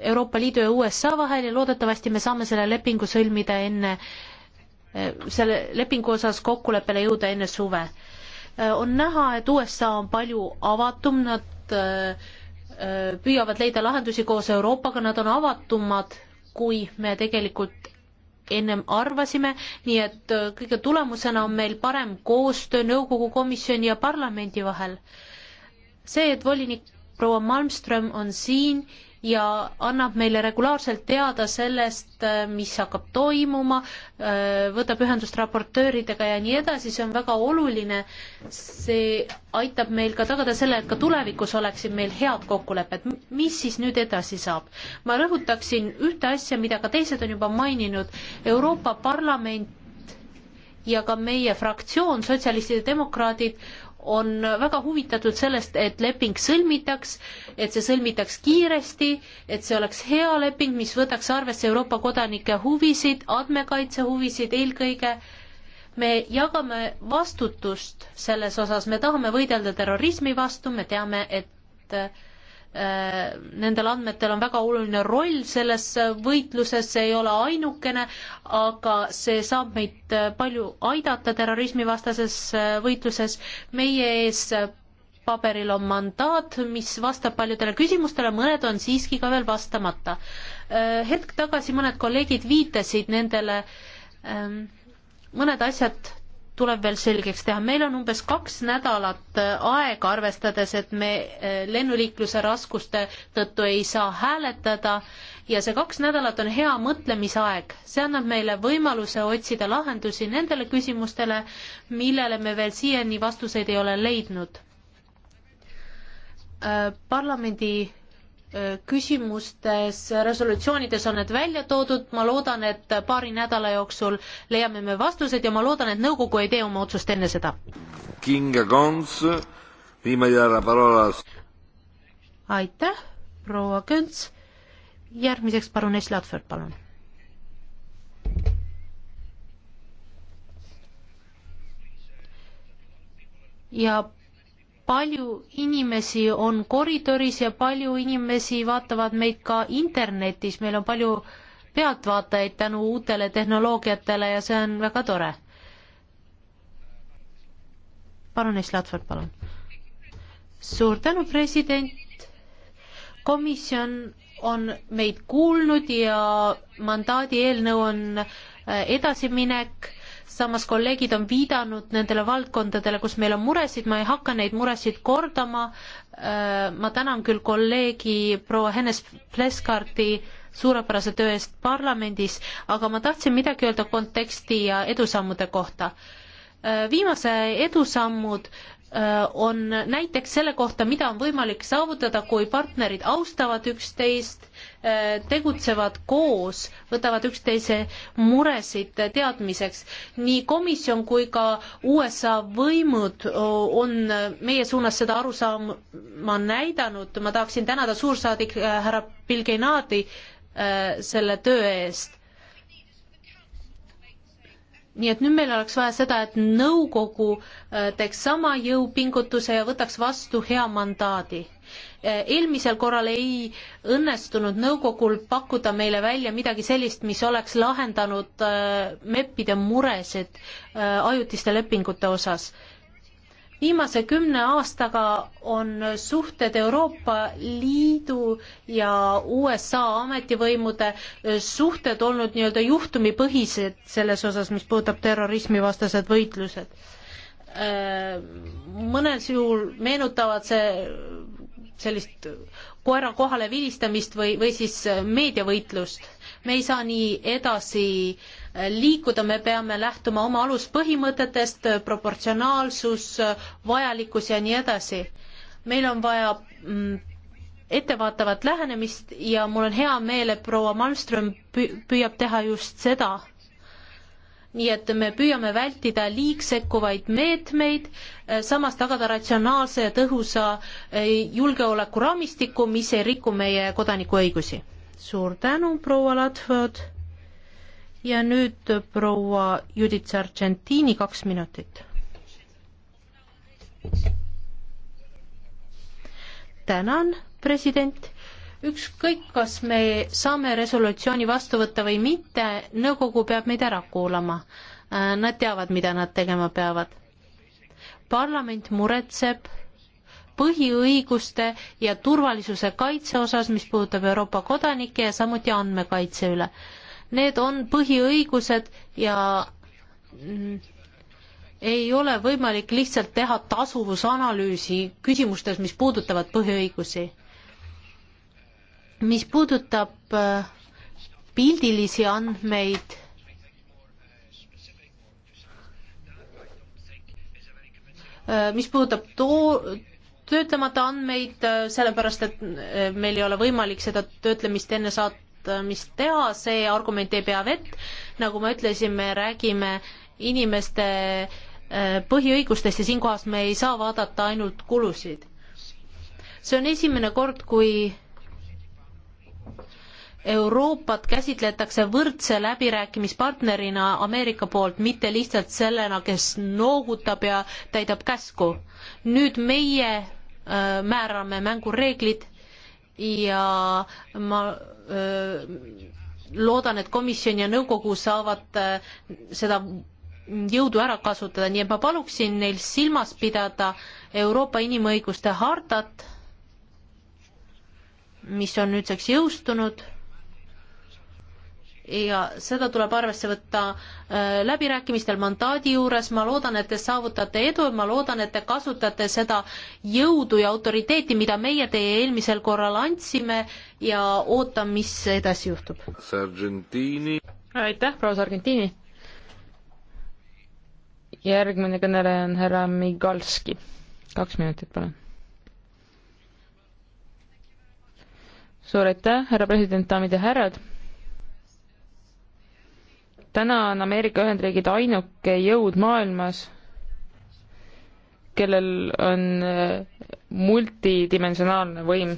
Euroopa Liidu ja USA vahel ja loodetavasti me saame selle lepingu sõlmida enne, selle lepingu osas kokkuleppele jõuda enne suve. on näha, et USA on palju avatum, nad Äh, püüavad leida lahendusi koos Euroopaga, nad on avatumad, kui me tegelikult ennem arvasime, nii et äh, kõige tulemusena on meil parem koostöö nõukogu komisjoni ja parlamendi vahel. see, et volinik proua Malmström on siin ja annab meile regulaarselt teada sellest, äh, mis hakkab toimuma, äh, võtab ühendust raportööridega ja nii edasi, see on väga oluline. see aitab meil ka tagada selle, et ka tulevikus oleksid meil head kokkulepped. mis siis nüüd edasi saab? ma rõhutaksin ühte asja, mida ka teised on juba maininud. Euroopa Parlament ja ka meie fraktsioon, sotsialistid ja demokraadid, on väga huvitatud sellest, et leping sõlmitaks, et see sõlmitaks kiiresti, et see oleks hea leping, mis võtaks arvesse Euroopa kodanike huvisid, andmekaitse huvisid eelkõige. me jagame vastutust selles osas, me tahame võidelda terrorismi vastu, me teame, et nendel andmetel on väga oluline roll selles võitluses, see ei ole ainukene, aga see saab meid palju aidata terrorismivastases võitluses. meie ees paberil on mandaat, mis vastab paljudele küsimustele, mõned on siiski ka veel vastamata. hetk tagasi mõned kolleegid viitasid nendele, ehm, mõned asjad tuleb veel selgeks teha. meil on umbes kaks nädalat äh, aega, arvestades, et me äh, lennuliikluse raskuste tõttu ei saa hääletada ja see kaks nädalat on hea mõtlemisaeg. see annab meile võimaluse otsida lahendusi nendele küsimustele, millele me veel siiani vastuseid ei ole leidnud. Äh, parlamendi Äh, küsimustes, resolutsioonides on need välja toodud, ma loodan, et paari nädala jooksul leiame me vastused ja ma loodan, et nõukogu ei tee oma otsust enne seda. Kinga Kons, viimane härra Parolas. aitäh, proua Künts. järgmiseks paruness Ladford, palun. ja palju inimesi on koridoris ja palju inimesi vaatavad meid ka internetis, meil on palju pealtvaatajaid tänu uutele tehnoloogiatele ja see on väga tore. Baroness Ladford, palun. suur tänu, president. komisjon on meid kuulnud ja mandaadi eelnõu on äh, edasiminek samas kolleegid on viidanud nendele valdkondadele, kus meil on muresid, ma ei hakka neid muresid kordama, äh, ma tänan küll kolleegi proua Hennes Pleskarti suurepärase töö eest parlamendis, aga ma tahtsin midagi öelda konteksti ja edusammude kohta. Äh, viimase edusammud äh, on näiteks selle kohta, mida on võimalik saavutada, kui partnerid austavad üksteist Äh, tegutsevad koos, võtavad üksteise muresid teadmiseks. nii komisjon kui ka USA võimud äh, on meie suunas seda arusaama näidanud. ma tahaksin tänada suursaadik äh, härra Bilgenadi selle töö eest. nii et nüüd meil oleks vaja seda, et nõukogu teeks sama jõupingutuse ja võtaks vastu hea mandaadi Eh, eelmisel korral ei õnnestunud nõukogul pakkuda meile välja midagi sellist, mis oleks lahendanud eh, MEP-ide muresid eh, ajutiste lepingute osas. viimase kümne aastaga on suhted Euroopa Liidu ja USA ametivõimude suhted olnud nii-öelda juhtumipõhised selles osas, mis puudutab terrorismivastased võitlused mõnes juhul meenutavad see sellist koera kohale vilistamist või, või siis äh, meediavõitlust. me ei saa nii edasi äh, liikuda, me peame lähtuma oma aluspõhimõtetest, äh, proportsionaalsus, vajalikkus ja nii edasi. meil on vaja mm, ettevaatavat lähenemist ja mul on hea meel, et proua Malmström püüab teha just seda nii et me püüame vältida liigsekkuvaid meetmeid, eh, samas tagada ratsionaalse ja tõhusa eh, julgeolekuraamistiku, mis ei riku meie kodanikuõigusi. suur tänu, proua Ladford. ja nüüd eh, proua Judith Sargentini, kaks minutit. tänan, president ükskõik, kas me saame resolutsiooni vastu võtta või mitte, nõukogu peab meid ära kuulama. Äh, nad teavad, mida nad tegema peavad. parlament muretseb põhiõiguste ja turvalisuse kaitse osas, mis puudutab Euroopa kodanikke ja samuti andmekaitse üle. Need on põhiõigused ja mm, ei ole võimalik lihtsalt teha tasuvusanalüüsi küsimustes, mis puudutavad põhiõigusi mis puudutab äh, pildilisi andmeid, äh, mis puudutab too, töötlemata andmeid, äh, sellepärast et meil ei ole võimalik seda töötlemist enne saatmist teha, see argument ei pea vett. nagu ma ütlesin, me räägime inimeste põhiõigustest ja siinkohas me ei saa vaadata ainult kulusid. see on esimene kord, kui Euroopat käsitletakse võrdse läbirääkimispartnerina Ameerika poolt, mitte lihtsalt sellena, kes noogutab ja täidab käsku. nüüd meie äh, määrame mängureeglid ja ma öö, äh, loodan, et komisjon ja nõukogu saavad öö, äh, seda jõudu ära kasutada, nii et ma paluksin neil silmas pidada Euroopa inimõiguste hartat, mis on nüüdseks jõustunud ja seda tuleb arvesse võtta äh, läbirääkimistel mandaadi juures, ma loodan, et te saavutate edu ja ma loodan, et te kasutate seda jõudu ja autoriteeti, mida meie teie eelmisel korral andsime ja ootan, mis edasi juhtub. aitäh, proua Sargentini! järgmine kõneleja on härra Migalski. kaks minutit, palun. suur aitäh, härra president, daamid ja härrad täna on Ameerika Ühendriigid ainuke jõud maailmas, kellel on äh, multidimensionaalne võim,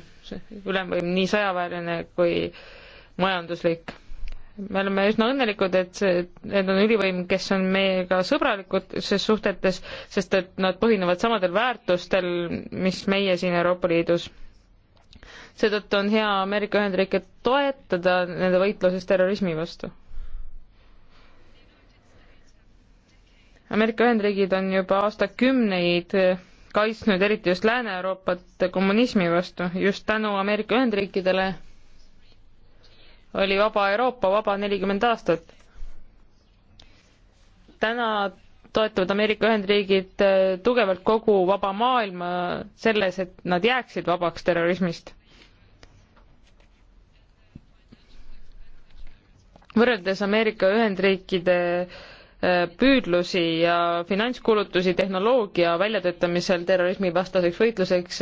ülemvõim nii sõjaväeline kui majanduslik. me oleme üsna õnnelikud, et see, need on ülivõim, kes on meiega sõbralikud ses suhtetes, sest et nad põhinevad samadel väärtustel, mis meie siin Euroopa Liidus seetõttu on hea Ameerika Ühendriike toetada nende võitluses terrorismi vastu Ameerika Ühendriigid on juba aastakümneid kaitsnud eriti just Lääne-Euroopat kommunismi vastu. just tänu Ameerika Ühendriikidele oli vaba Euroopa vaba nelikümmend aastat. täna toetavad Ameerika Ühendriigid äh, tugevalt kogu vaba maailma selles, et nad jääksid vabaks terrorismist. võrreldes Ameerika Ühendriikide püüdlusi ja finantskulutusi tehnoloogia väljatöötamisel terrorismivastaseks võitluseks,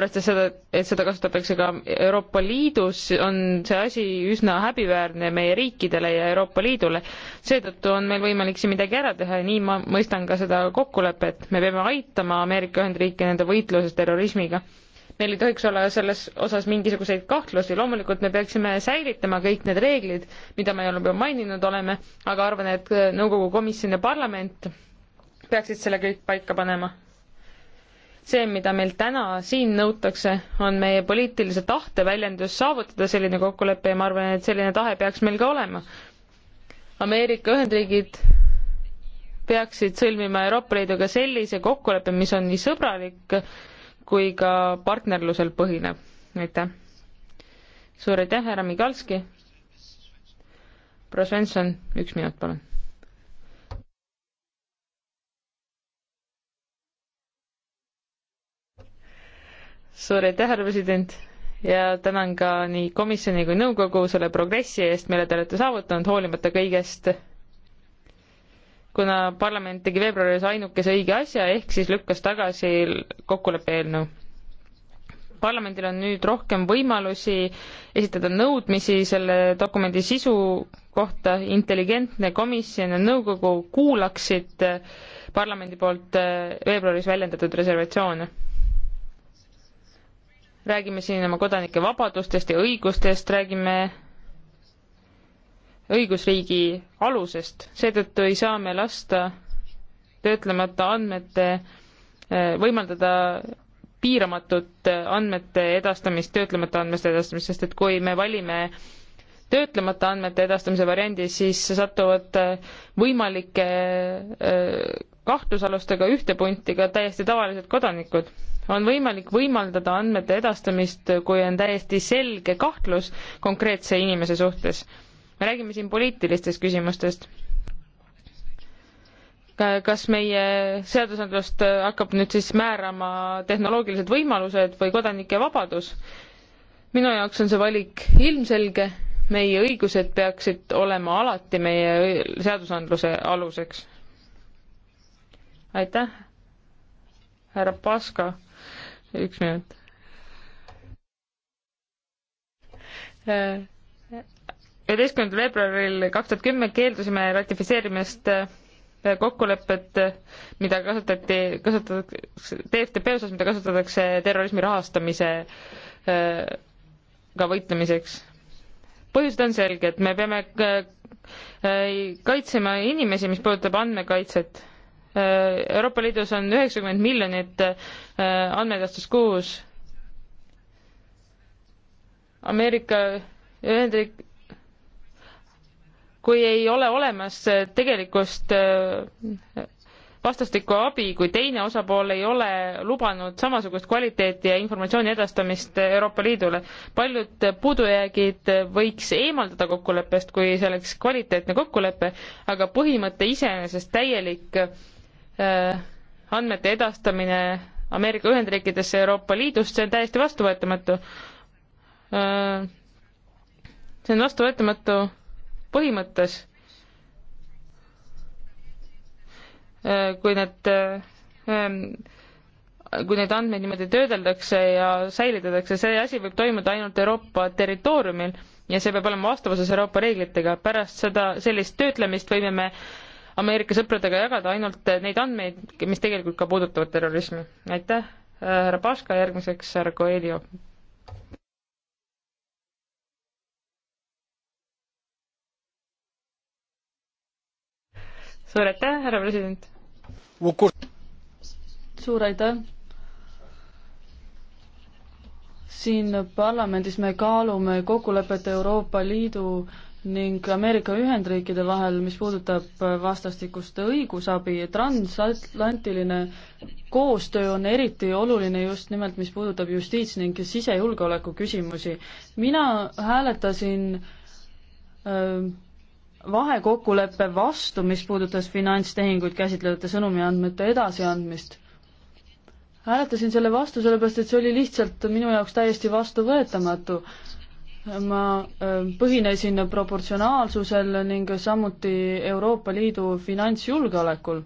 arvestades seda, et seda kasutatakse ka Euroopa Liidus, on see asi üsna häbiväärne meie riikidele ja Euroopa Liidule. seetõttu on meil võimalik siin midagi ära teha ja nii ma mõistan ka seda kokkulepet, me peame aitama Ameerika Ühendriike nende võitluses terrorismiga meil ei tohiks olla selles osas mingisuguseid kahtlusi, loomulikult me peaksime säilitama kõik need reeglid, mida me juba maininud oleme, aga arvan, et äh, nõukogu komisjon ja parlament peaksid selle kõik paika panema. see, mida meil täna siin nõutakse, on meie poliitilise tahte väljendus saavutada selline kokkulepe ja ma arvan, et selline tahe peaks meil ka olema. Ameerika Ühendriigid peaksid sõlmima Euroopa Liiduga sellise kokkuleppe, mis on nii sõbralik kui ka partnerlusel põhineb. aitäh! suur aitäh, härra Migalski! proua Svensson, üks minut, palun. suur aitäh, härra president ja tänan ka nii komisjoni kui nõukogu selle progressi eest, mille te olete saavutanud, hoolimata kõigest kuna parlament tegi veebruaris ainukese õige asja, ehk siis lükkas tagasi kokkuleppe eelnõu. parlamendil on nüüd rohkem võimalusi esitada nõudmisi selle dokumendi sisu kohta, intelligentne komisjon ja nõukogu kuulaksid parlamendi poolt äh, veebruaris väljendatud reservatsioone. räägime siin oma kodanike vabadustest ja õigustest, räägime õigusriigi alusest, seetõttu ei saa me lasta töötlemata andmete, eh, võimaldada piiramatut eh, andmete edastamist, töötlemata andmete edastamist, sest et kui me valime töötlemata andmete edastamise variandi, siis satuvad eh, võimalike kahtlusalustega ühte punti ka täiesti tavalised kodanikud. on võimalik võimaldada andmete edastamist, kui on täiesti selge kahtlus konkreetse inimese suhtes me räägime siin poliitilistest küsimustest. kas meie seadusandlust äh, hakkab nüüd siis määrama tehnoloogilised võimalused või kodanike vabadus? minu jaoks on see valik ilmselge, meie õigused peaksid olema alati meie seadusandluse aluseks. aitäh, härra Paska, üks minut äh üheteistkümnendal veebruaril kaks tuhat kümme keeldusime ratifitseerimast äh, kokkulepet, äh, mida kasutati, kasutatakse DFDP osas, mida kasutatakse terrorismi rahastamise äh, ka võitlemiseks. põhjused on selged, me peame kaitsema inimesi, mis puudutab andmekaitset. Euroopa Liidus on üheksakümmend miljonit andmedastus kuus. Ameerika Ühendriik-, kui ei ole olemas eh, tegelikust eh, vastastikku abi, kui teine osapool ei ole lubanud samasugust kvaliteeti ja informatsiooni edastamist eh, Euroopa Liidule. paljud puudujäägid võiks eemaldada kokkuleppest, kui see oleks kvaliteetne kokkulepe, aga põhimõte iseenesest täielik äh, andmete edastamine Ameerika Ühendriikidesse Euroopa Liidust, see on täiesti vastuvõetamatu äh,. see on vastuvõetamatu põhimõttes, äh, kui need, äh, kui neid andmeid niimoodi töödeldakse ja säilitatakse, see asi võib toimuda ainult Euroopa territooriumil ja see peab olema vastavuses Euroopa reeglitega. pärast seda, sellist töötlemist võime me Ameerika sõpradega jagada ainult neid andmeid, mis tegelikult ka puudutavad terrorismi. aitäh, äh, härra Paška, järgmiseks härra Coelho suur aitäh, härra president! suur aitäh! siin parlamendis me kaalume kokkulepet Euroopa Liidu ning Ameerika Ühendriikide vahel, mis puudutab vastastikust õigusabi, transatlantiline koostöö on eriti oluline just nimelt, mis puudutab justiits- ning sisejulgeoleku küsimusi. mina hääletasin öö, äh, vahekokkuleppe vastu, mis puudutas finantstehinguid käsitlevate sõnumiandmete edasiandmist. hääletasin selle vastu, sellepärast et see oli lihtsalt minu jaoks täiesti vastuvõetamatu. ma äh, põhinesin proportsionaalsusel ning samuti Euroopa Liidu finantsjulgeolekul.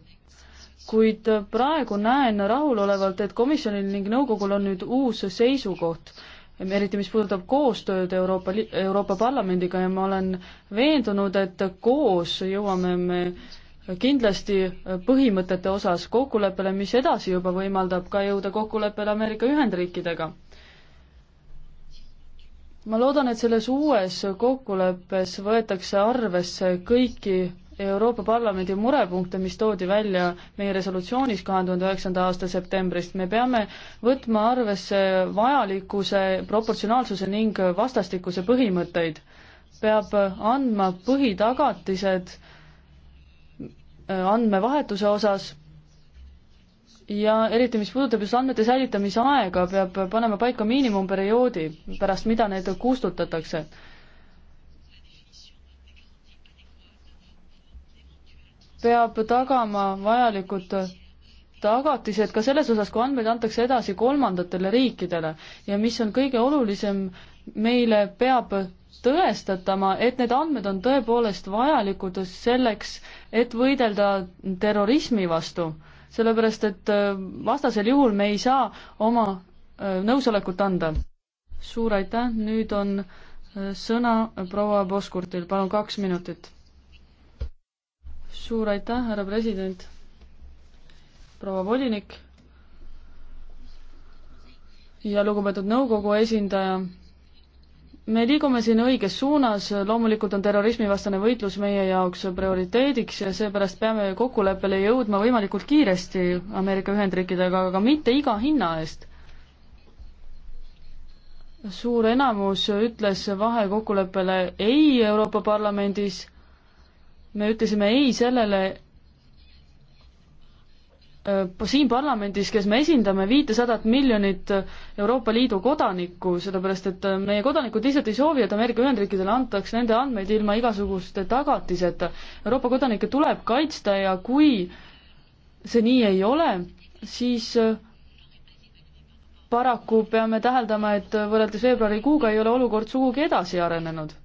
kuid praegu näen rahulolevalt, et komisjonil ning nõukogul on nüüd uus seisukoht eriti mis puudutab koostööd Euroopa, Euroopa Parlamendiga ja ma olen veendunud, et koos jõuame me kindlasti põhimõtete osas kokkuleppele, mis edasi juba võimaldab ka jõuda kokkuleppele Ameerika Ühendriikidega. ma loodan, et selles uues kokkuleppes võetakse arvesse kõiki Euroopa Parlamendi murepunkte, mis toodi välja meie resolutsioonis kahe tuhande üheksanda aasta septembrist. me peame võtma arvesse vajalikkuse, proportsionaalsuse ning vastastikuse põhimõtteid. peab andma põhitagatised äh, andmevahetuse osas ja eriti, mis puudutab just andmete säilitamise aega, peab panema paika miinimumperioodi, pärast mida need kustutatakse peab tagama vajalikud tagatised ka selles osas, kui andmeid antakse edasi kolmandatele riikidele ja mis on kõige olulisem, meile peab tõestatama, et need andmed on tõepoolest vajalikud selleks, et võidelda terrorismi vastu. sellepärast, et äh, vastasel juhul me ei saa oma äh, nõusolekut anda. suur aitäh, nüüd on äh, sõna proua Boskurtil, palun kaks minutit suur aitäh, härra president, proua volinik ja lugupeetud nõukogu esindaja. me liigume siin õiges suunas, loomulikult on terrorismivastane võitlus meie jaoks prioriteediks ja seepärast peame kokkuleppele jõudma võimalikult kiiresti Ameerika Ühendriikidega, aga mitte iga hinna eest. suur enamus ütles vahekokkuleppele ei Euroopa Parlamendis me ütlesime ei sellele, äh, siin parlamendis, kes me esindame viitesadat miljonit Euroopa Liidu kodanikku, sellepärast et äh, meie kodanikud lihtsalt ei soovi, et Ameerika Ühendriikidele antaks nende andmeid ilma igasuguste tagatiseta. Euroopa kodanikke tuleb kaitsta ja kui see nii ei ole, siis äh, paraku peame täheldama, et võrreldes veebruarikuuga ei ole olukord sugugi edasi arenenud.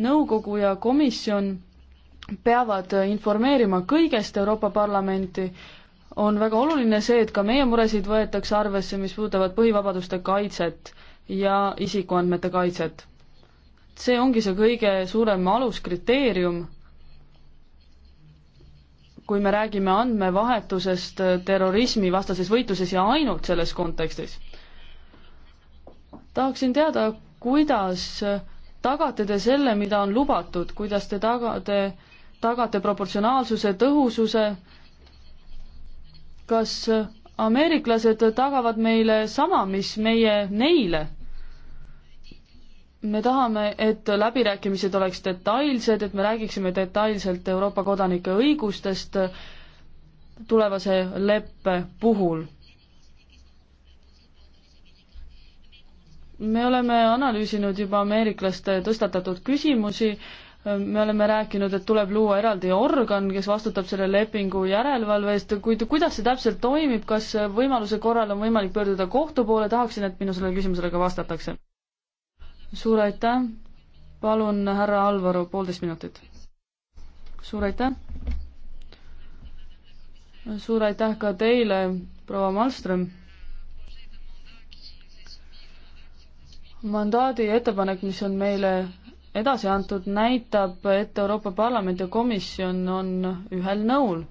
nõukogu ja komisjon peavad informeerima kõigest Euroopa Parlamenti, on väga oluline see, et ka meie muresid võetakse arvesse, mis puudutavad põhivabaduste kaitset ja isikuandmete kaitset. see ongi see kõige suurem aluskriteerium, kui me räägime andmevahetusest terrorismivastases võitluses ja ainult selles kontekstis. tahaksin teada, kuidas tagate te selle, mida on lubatud, kuidas te tagate äh, tagate proportsionaalsuse, tõhususe. kas ameeriklased tagavad meile sama, mis meie neile? me tahame, et läbirääkimised oleks detailsed, et me räägiksime detailselt Euroopa kodanike õigustest tulevase leppe puhul. me oleme analüüsinud juba ameeriklaste tõstatatud küsimusi me oleme rääkinud, et tuleb luua eraldi organ, kes vastutab selle lepingu järelevalve eest, kuid kuidas see täpselt toimib, kas võimaluse korral on võimalik pöörduda kohtu poole, tahaksin, et minu sellele küsimusele ka vastatakse. suur aitäh, palun härra Alvaru, poolteist minutit. suur aitäh. suur aitäh ka teile, proua Malmström mandaadi ettepanek, mis on meile edasi antud, näitab, et Euroopa Parlament ja Komisjon on ühel nõul.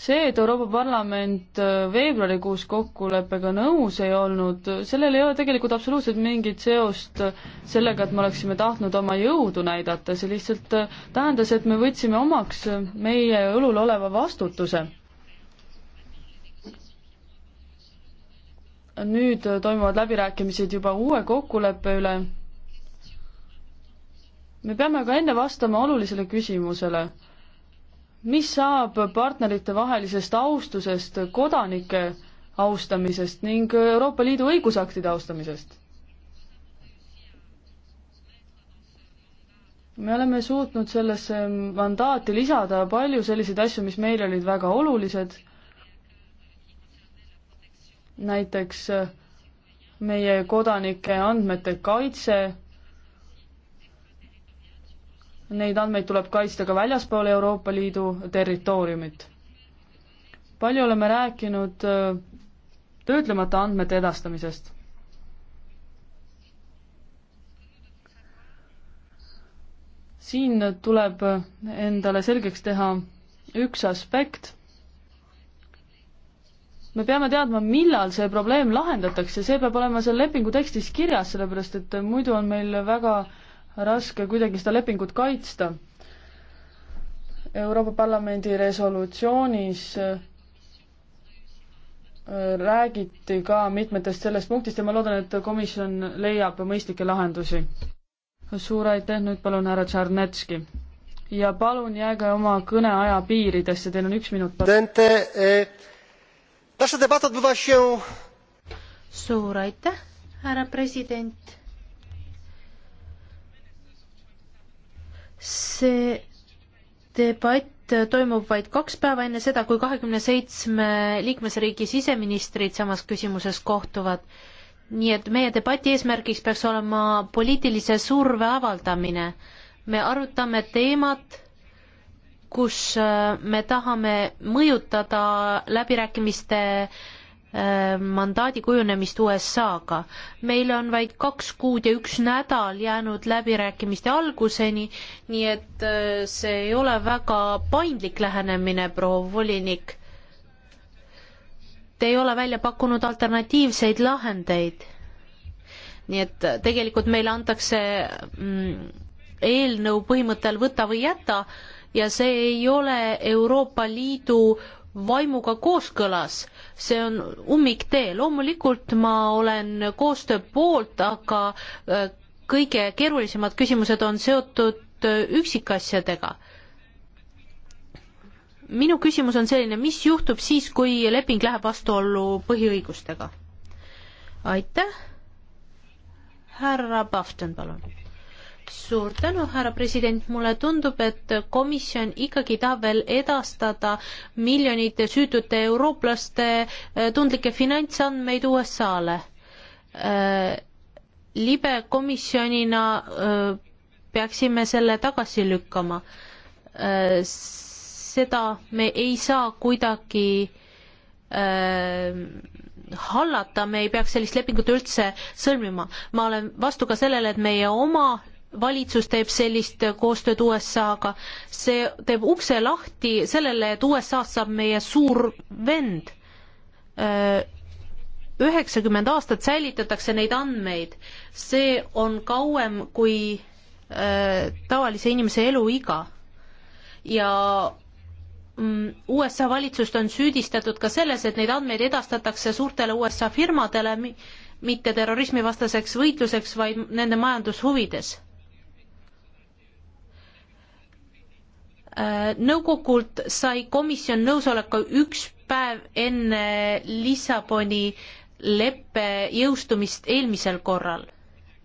see, et Euroopa Parlament veebruarikuus kokkuleppega nõus ei olnud, sellel ei ole tegelikult absoluutselt mingit seost sellega, et me oleksime tahtnud oma jõudu näidata, see lihtsalt tähendas, et me võtsime omaks meie õlul oleva vastutuse nüüd toimuvad läbirääkimised juba uue kokkuleppe üle. me peame aga enne vastama olulisele küsimusele. mis saab partnerite vahelisest austusest, kodanike austamisest ning Euroopa Liidu õigusaktide austamisest? me oleme suutnud sellesse mandaati lisada palju selliseid asju, mis meile olid väga olulised näiteks äh, meie kodanike andmete kaitse, neid andmeid tuleb kaitsta ka väljaspool Euroopa Liidu territooriumit. palju oleme rääkinud äh, töötlemata andmete edastamisest. siin tuleb endale selgeks teha üks aspekt me peame teadma, millal see probleem lahendatakse, see peab olema seal lepingu tekstis kirjas, sellepärast et muidu on meil väga raske kuidagi seda lepingut kaitsta. Euroopa Parlamendi resolutsioonis äh, räägiti ka mitmetest sellest punktist ja ma loodan, et komisjon leiab mõistlikke lahendusi. suur aitäh, nüüd palun härra Tšarnetski. ja palun jääge oma kõneaja piiridesse, teil on üks minut. Naša debatt odbywa się... Suur aitäh, härra president. see debatt toimub vaid kaks päeva enne seda, kui kahekümne seitsme liikmesriigi siseministrid samas küsimuses kohtuvad. nii et meie debati eesmärgiks peaks olema poliitilise surve avaldamine. me arutame teemat kus äh, me tahame mõjutada läbirääkimiste äh, mandaadi kujunemist USA-ga. meil on vaid kaks kuud ja üks nädal jäänud läbirääkimiste alguseni, nii et äh, see ei ole väga paindlik lähenemine, proua volinik. Te ei ole välja pakkunud alternatiivseid lahendeid. nii et tegelikult meile antakse mm, eelnõu põhimõttel võta või jäta ja see ei ole Euroopa Liidu vaimuga kooskõlas, see on ummiktee, loomulikult ma olen koostöö poolt, aga äh, kõige keerulisemad küsimused on seotud äh, üksikasjadega. minu küsimus on selline, mis juhtub siis, kui leping läheb vastuollu põhiõigustega? aitäh, härra Pahvten, palun suur tänu, härra president, mulle tundub, et komisjon ikkagi tahab veel edastada miljonite süütute eurooplaste äh, tundlikke finantsandmeid USA-le. Äh, libe komisjonina äh, peaksime selle tagasi lükkama. seda me ei saa kuidagi hallata, me ei peaks sellist lepingut üldse sõlmima. ma olen vastu ka sellele, et meie oma valitsus teeb sellist koostööd USA-ga, see teeb ukse lahti sellele, et USA-st saab meie suur vend. Äh, üheksakümmend aastat säilitatakse neid andmeid, see on kauem kui öö, äh, tavalise inimese eluiga ja mm, USA valitsust on süüdistatud ka selles, et neid andmeid edastatakse suurtele USA firmadele, mitte terrorismivastaseks võitluseks, vaid nende majandushuvides Äh, nõukogult sai komisjon nõusoleku üks päev enne Lissaboni leppe jõustumist eelmisel korral.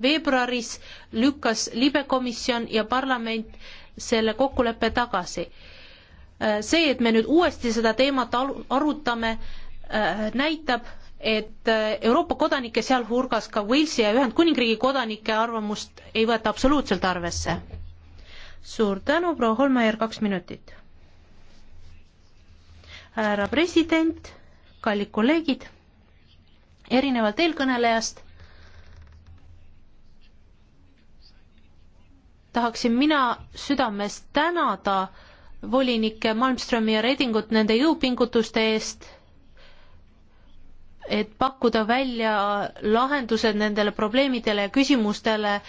veebruaris lükkas libekomisjon ja parlament selle kokkuleppe tagasi. Äh, see, et me nüüd uuesti seda teemat arutame, äh, näitab, et Euroopa kodanike, sealhulgas ka Walesi ja Ühendkuningriigi kodanike arvamust ei võeta absoluutselt arvesse suur tänu, proua Holmeier, kaks minutit. härra president, kallid kolleegid, erinevalt eelkõnelejast tahaksin mina südamest tänada volinike Malmströmi ja Redingut nende jõupingutuste eest, et pakkuda välja lahendused nendele probleemidele ja küsimustele,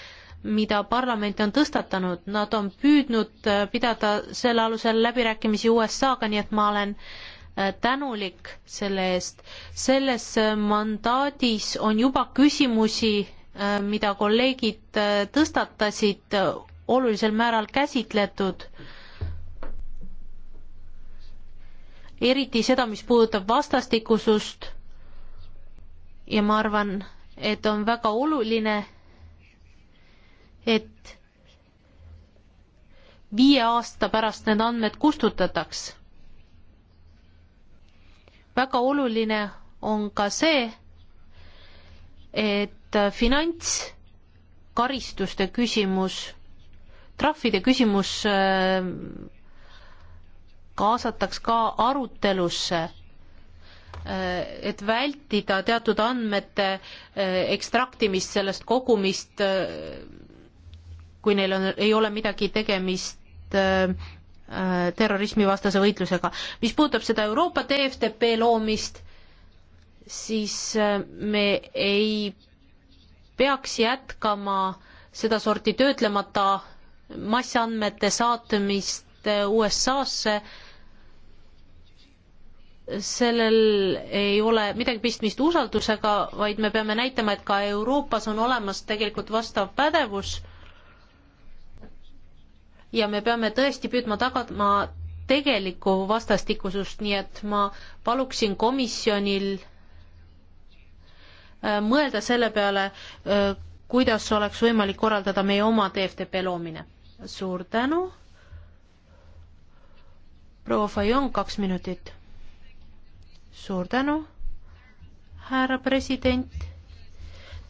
mida parlament on tõstatanud, nad on püüdnud äh, pidada selle alusel läbirääkimisi USA-ga, nii et ma olen äh, tänulik selle eest. selles äh, mandaadis on juba küsimusi, mida kolleegid tõstatasid, olulisel määral käsitletud eriti seda, mis puudutab vastastikusust ja ma arvan, et on väga oluline, et viie aasta pärast need andmed kustutataks. väga oluline on ka see, et finantskaristuste küsimus, trahvide küsimus äh, kaasataks ka arutelusse, äh, et vältida teatud andmete äh, ekstraktimist sellest kogumist kui neil on, ei ole midagi tegemist äh, äh terrorismivastase võitlusega. mis puudutab seda Euroopa TFTP loomist, siis äh, me ei peaks jätkama sedasorti töötlemata massandmete saatmist äh, USA-sse, sellel ei ole midagi pistmist usaldusega, vaid me peame näitama, et ka Euroopas on olemas tegelikult vastav pädevus äh, ja me peame tõesti püüdma tagama tegelikku vastastikusust, nii et ma paluksin komisjonil äh, mõelda selle peale, äh, kuidas oleks võimalik korraldada meie oma DFDP loomine. suur tänu. proua Fajon, kaks minutit. suur tänu, härra president.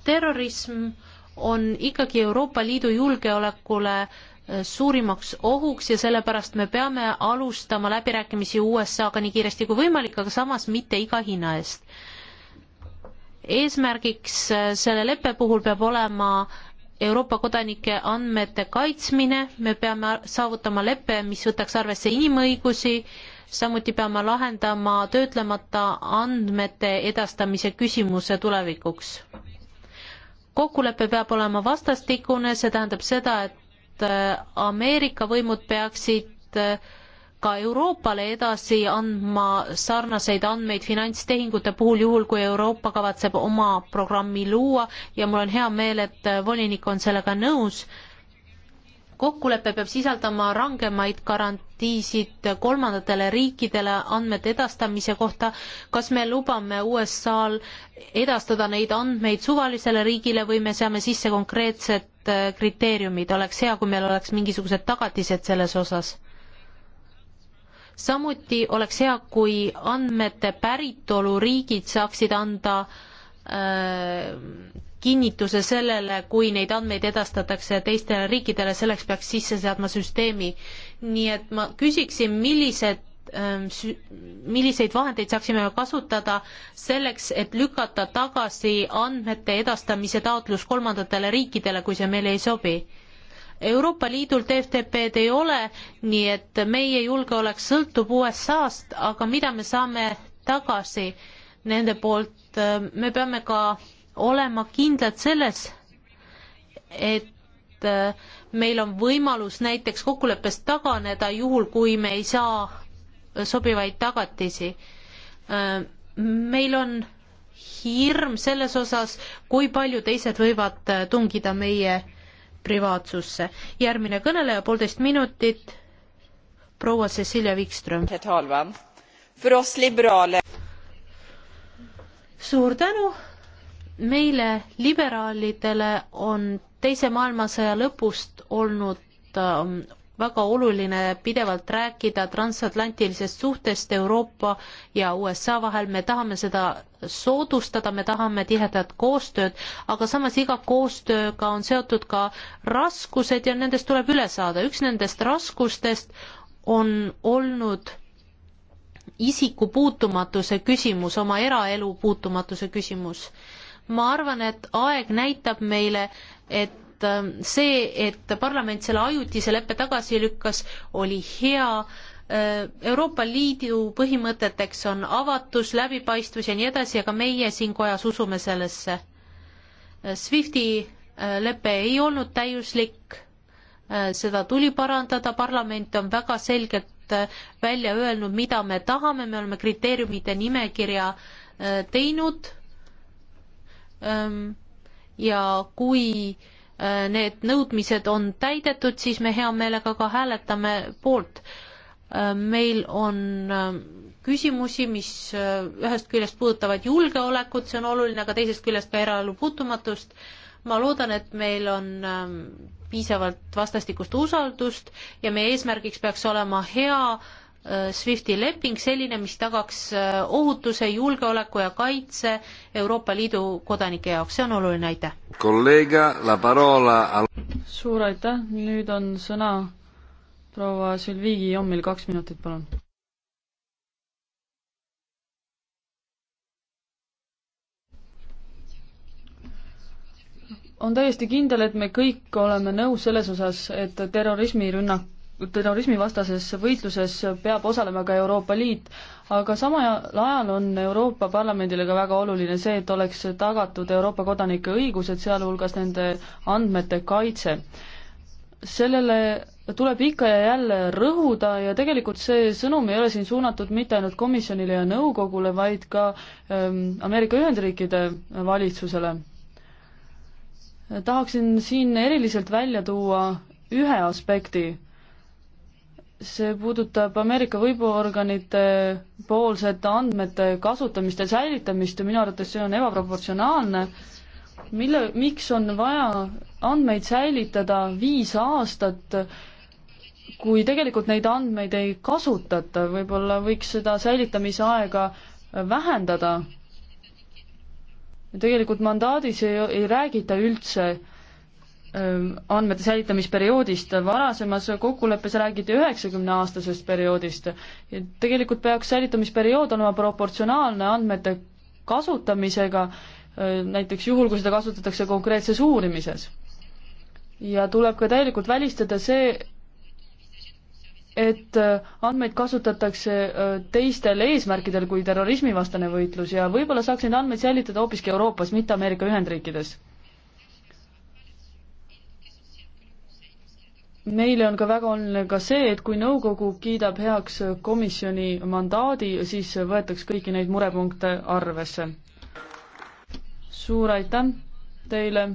terrorism on ikkagi Euroopa Liidu julgeolekule Äh, suurimaks ohuks ja sellepärast me peame alustama läbirääkimisi USA-ga nii kiiresti kui võimalik, aga samas mitte iga hinna eest. eesmärgiks äh, selle leppe puhul peab olema Euroopa kodanike andmete kaitsmine, me peame saavutama leppe, mis võtaks arvesse inimõigusi, samuti peame lahendama töötlemata andmete edastamise küsimuse tulevikuks. kokkulepe peab olema vastastikune, see tähendab seda, et et äh, Ameerika võimud peaksid äh, ka Euroopale edasi andma sarnaseid andmeid finantstehingute puhul, juhul kui Euroopa kavatseb oma programmi luua ja mul on hea meel, et äh, volinik on sellega nõus. kokkulepe peab sisaldama rangemaid garant-, garantiisid kolmandatele riikidele andmete edastamise kohta, kas me lubame USA-l edastada neid andmeid suvalisele riigile või me seame sisse konkreetsed äh, kriteeriumid, oleks hea, kui meil oleks mingisugused tagatised selles osas. samuti oleks hea, kui andmete päritoluriigid saaksid anda äh, kinnituse sellele, kui neid andmeid edastatakse teistele riikidele, selleks peaks sisse seadma süsteemi, nii et ma küsiksin, millised ähm, milliseid vahendeid saaksime kasutada selleks, et lükata tagasi andmete edastamise taotlus kolmandatele riikidele, kui see meile ei sobi. Euroopa Liidult FTP-d ei ole, nii et meie julgeolek sõltub USA-st, aga mida me saame tagasi nende poolt, ähm, me peame ka olema kindlad selles, et et äh, meil on võimalus näiteks kokkuleppest taganeda juhul, kui me ei saa sobivaid tagatisi. Äh, meil on hirm selles osas, kui palju teised võivad äh, tungida meie privaatsusse. järgmine kõneleja, poolteist minutit, proua Cecilia Wikström. suur tänu, meile liberaalidele on teise maailmasõja lõpust olnud ähm, väga oluline pidevalt rääkida transatlantilisest suhtest Euroopa ja USA vahel, me tahame seda soodustada, me tahame tihedat koostööd, aga samas iga koostööga on seotud ka raskused ja nendest tuleb üle saada. üks nendest raskustest on olnud isiku puutumatuse küsimus, oma eraelu puutumatuse küsimus ma arvan, et aeg näitab meile, et ähm, see, et parlament selle ajutise leppe tagasi lükkas, oli hea. Äh, Euroopa Liidu põhimõteteks on avatus, läbipaistvus ja nii edasi, aga meie siin kojas usume sellesse. Äh, SWIFTi äh, lepe ei olnud täiuslik, seda tuli parandada, parlament on väga selgelt välja öelnud, mida me tahame, me oleme kriteeriumide nimekirja teinud ja kui äh, need nõudmised on täidetud, siis me hea meelega ka hääletame poolt. Äh, meil on äh, küsimusi, mis ühest küljest puudutavad julgeolekut, see on oluline, aga teisest küljest ka eraelu puutumatust. ma loodan, et meil on ähm, piisavalt vastastikust usaldust ja meie eesmärgiks peaks olema hea SWIFTi leping selline, mis tagaks äh, ohutuse, julgeoleku ja kaitse Euroopa Liidu kodanike jaoks, see on oluline, aitäh! suur aitäh, nüüd on sõna proua Sylvie Guillaume'il, kaks minutit, palun. on täiesti kindel, et me kõik oleme nõus selles osas, et terrorismirünnak terrorismivastases võitluses peab osalema ka Euroopa Liit, aga samal ajal on Euroopa Parlamendile ka väga oluline see, et oleks tagatud Euroopa kodanike õigused, sealhulgas nende andmete kaitse. sellele tuleb ikka ja jälle rõhuda ja tegelikult see sõnum ei ole siin suunatud mitte ainult komisjonile ja nõukogule, vaid ka ähm, Ameerika Ühendriikide valitsusele. tahaksin siin eriliselt välja tuua ühe aspekti see puudutab Ameerika võimuorganite poolsete andmete kasutamist ja säilitamist ja minu arvates see on ebaproportsionaalne. mille, miks on vaja andmeid säilitada viis aastat, kui tegelikult neid andmeid ei kasutata, võib-olla võiks seda säilitamise aega vähendada. tegelikult mandaadis ei, ei räägita üldse äh, andmete säilitamisperioodist, varasemas kokkuleppes räägiti üheksakümne aastasest perioodist. tegelikult peaks säilitamisperiood olema proportsionaalne andmete kasutamisega, näiteks juhul, kui seda kasutatakse konkreetses uurimises. ja tuleb ka täielikult välistada see, et andmeid kasutatakse teistel eesmärkidel kui terrorismivastane võitlus ja võib-olla saaks neid andmeid säilitada hoopiski Euroopas, mitte Ameerika Ühendriikides meile on ka väga oluline ka see, et kui nõukogu kiidab heaks komisjoni mandaadi, siis võetaks kõiki neid murepunkte arvesse. suur aitäh teile.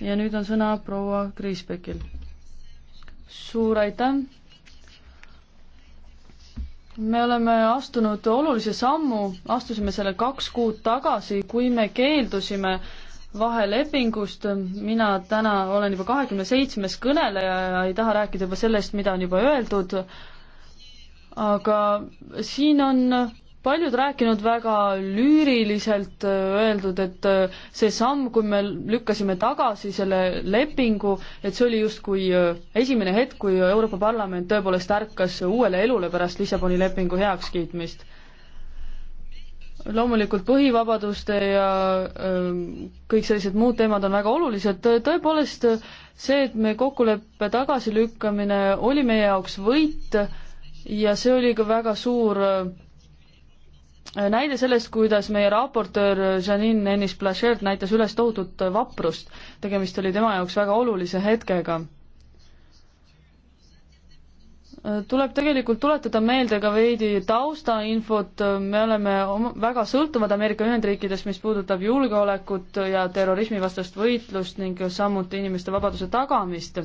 ja nüüd on sõna proua Kriisbekil. suur aitäh. me oleme astunud olulise sammu, astusime selle kaks kuud tagasi, kui me keeldusime äh, vahelepingust, mina täna olen juba kahekümne seitsmes kõneleja ja ei taha rääkida juba sellest, mida on juba öeldud, aga siin on paljud rääkinud väga lüüriliselt, öeldud, et see samm, kui me lükkasime tagasi selle lepingu, et see oli justkui esimene hetk, kui Euroopa Parlament tõepoolest ärkas uuele elule pärast Lissaboni lepingu heakskiitmist loomulikult põhivabaduste ja ähm, kõik sellised muud teemad on väga olulised, tõepoolest see, et me kokkuleppe tagasilükkamine oli meie jaoks võit ja see oli ka väga suur äh, näide sellest, kuidas meie raportöör Janine Ennis-Blachert näitas üles tohutut vaprust. tegemist oli tema jaoks väga olulise hetkega tuleb tegelikult tuletada meelde ka veidi taustainfot, me oleme väga sõltuvad Ameerika Ühendriikidest, mis puudutab julgeolekut ja terrorismivastast võitlust ning samuti inimeste vabaduse tagamist.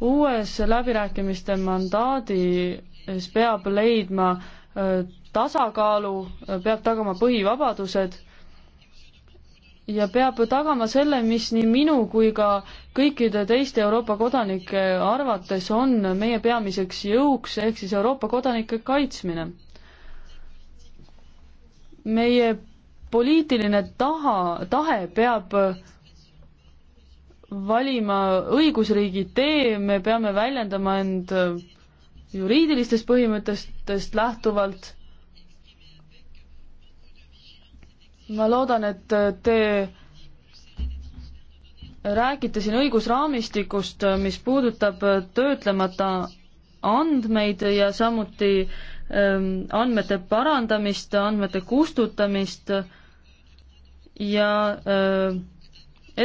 uues läbirääkimiste mandaadis peab leidma äh, tasakaalu, äh, peab tagama põhivabadused ja peab tagama selle, mis nii minu kui ka kõikide teiste Euroopa kodanike arvates on meie peamiseks jõuks, ehk siis Euroopa kodanike kaitsmine. meie poliitiline taha, tahe peab valima õigusriigi tee, me peame väljendama end juriidilistest põhimõtetest lähtuvalt ma loodan, et te räägite siin õigusraamistikust, mis puudutab töötlemata andmeid ja samuti ähm, andmete parandamist, andmete kustutamist ja äh,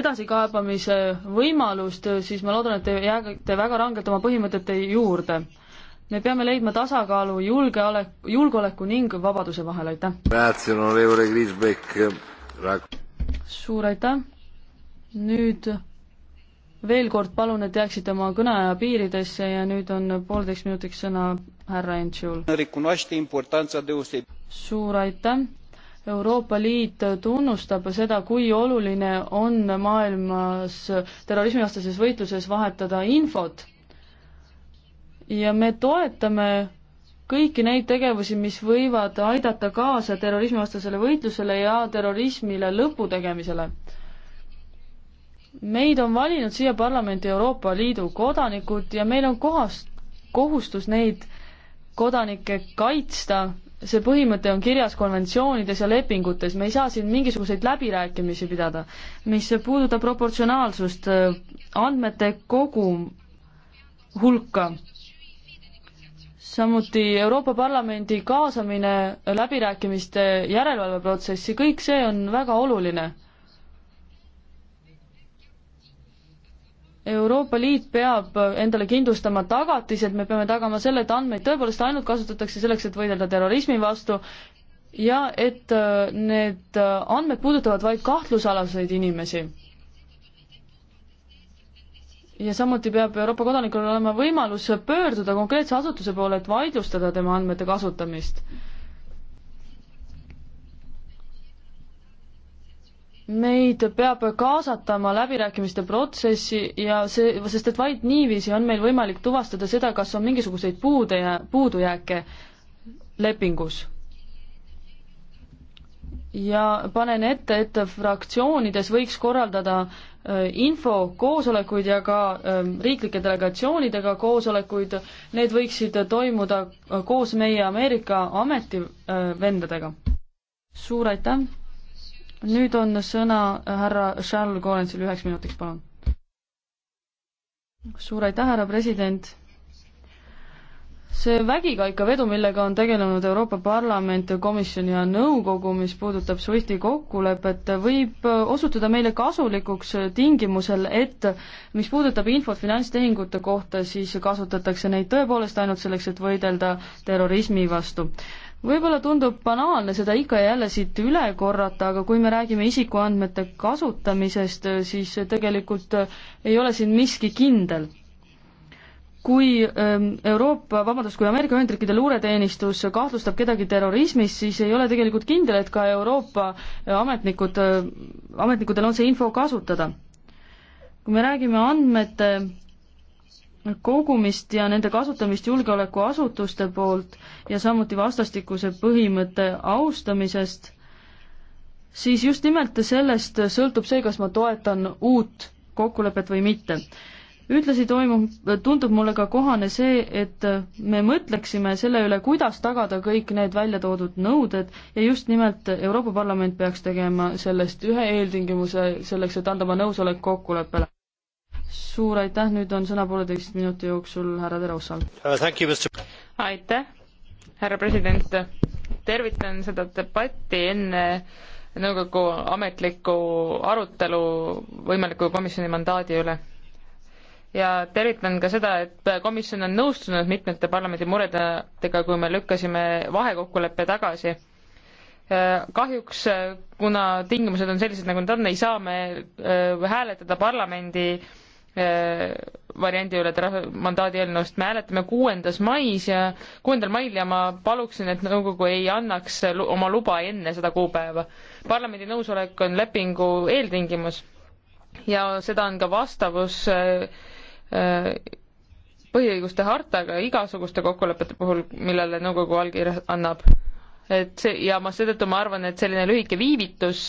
edasikaebamise võimalust, siis ma loodan, et te jääte väga rangelt oma põhimõtete juurde me peame leidma tasakaalu julgeolek, julgeoleku ning vabaduse vahel, aitäh! suur aitäh! nüüd veel kord palun, et jääksite oma kõneaja piiridesse ja nüüd on poolteist minutiks sõna härra Entšul. suur aitäh! Euroopa Liit tunnustab seda, kui oluline on maailmas terrorismivastases võitluses vahetada infot ja me toetame kõiki neid tegevusi, mis võivad aidata kaasa terrorismivastasele võitlusele ja terrorismile lõpu tegemisele. meid on valinud siia parlamenti Euroopa Liidu kodanikud ja meil on kohas, kohustus neid kodanikke kaitsta, see põhimõte on kirjas konventsioonides ja lepingutes, me ei saa siin mingisuguseid läbirääkimisi pidada. mis puudutab proportsionaalsust, äh, andmete kogum hulka samuti Euroopa Parlamendi kaasamine läbirääkimiste järelevalveprotsessi, kõik see on väga oluline. Euroopa Liit peab endale kindlustama tagatised, me peame tagama selle, et andmeid tõepoolest ainult kasutatakse selleks, et võidelda terrorismi vastu ja et äh, need äh, andmed puudutavad vaid kahtlusalaseid inimesi ja samuti peab Euroopa kodanikul olema võimalus pöörduda konkreetse asutuse poole, et vaidlustada tema andmete kasutamist. meid peab kaasatama läbirääkimiste protsessi ja see, sest et vaid niiviisi on meil võimalik tuvastada seda, kas on mingisuguseid puude, puudujääke lepingus ja panen ette, et fraktsioonides võiks korraldada äh, infokoosolekuid ja ka ähm, riiklike delegatsioonidega koosolekuid, need võiksid toimuda äh, koos meie Ameerika ametivendadega. Äh, suur aitäh! nüüd on sõna härra Charles Collinsil üheks minutiks, palun. suur aitäh, härra president see vägikaikavedu, millega on tegelenud Euroopa Parlament, Komisjon ja Nõukogu, mis puudutab SWIFTi kokkulepet, võib osutuda meile kasulikuks tingimusel, et mis puudutab infot finantstehingute kohta, siis kasutatakse neid tõepoolest ainult selleks, et võidelda terrorismi vastu võib-olla tundub banaalne seda ikka ja jälle siit üle korrata, aga kui me räägime isikuandmete kasutamisest, siis tegelikult ei ole siin miski kindel kui ähm, Euroopa, vabandust, kui Ameerika Ühendriikide luureteenistus kahtlustab kedagi terrorismis, siis ei ole tegelikult kindel, et ka Euroopa äh, ametnikud, äh, ametnikudel on see info kasutada. kui me räägime andmete kogumist ja nende kasutamist julgeolekuasutuste poolt ja samuti vastastikuse põhimõtte austamisest, siis just nimelt sellest sõltub see, kas ma toetan uut kokkulepet või mitte ühtlasi toimub, tundub mulle ka kohane see, et me mõtleksime selle üle, kuidas tagada kõik need välja toodud nõuded ja just nimelt Euroopa Parlament peaks tegema sellest ühe eeltingimuse selleks, et anda oma nõusolek kokkuleppele. suur aitäh, nüüd on sõna pooleteist minuti jooksul härra Terossal uh,. aitäh, härra president, tervitan seda debatti enne nõukogu ametlikku arutelu võimaliku komisjoni mandaadi üle ja tervitan ka seda, et komisjon on nõustunud mitmete parlamendi muredega, kui me lükkasime vahekokkuleppe tagasi. kahjuks, kuna tingimused on sellised, nagu nad on, ei saa me äh, hääletada parlamendi äh, variandi üle mandaadi eelnõust, me hääletame kuuendas mais ja kuuendal mail ja ma paluksin, et nõukogu ei annaks oma luba enne seda kuupäeva. parlamendi nõusolek on lepingu eeltingimus ja seda on ka vastavus äh, Äh, põhiõiguste hartaga igasuguste kokkulepete puhul, millele nõukogu allkirja annab. et see ja ma seetõttu ma arvan, et selline lühike viivitus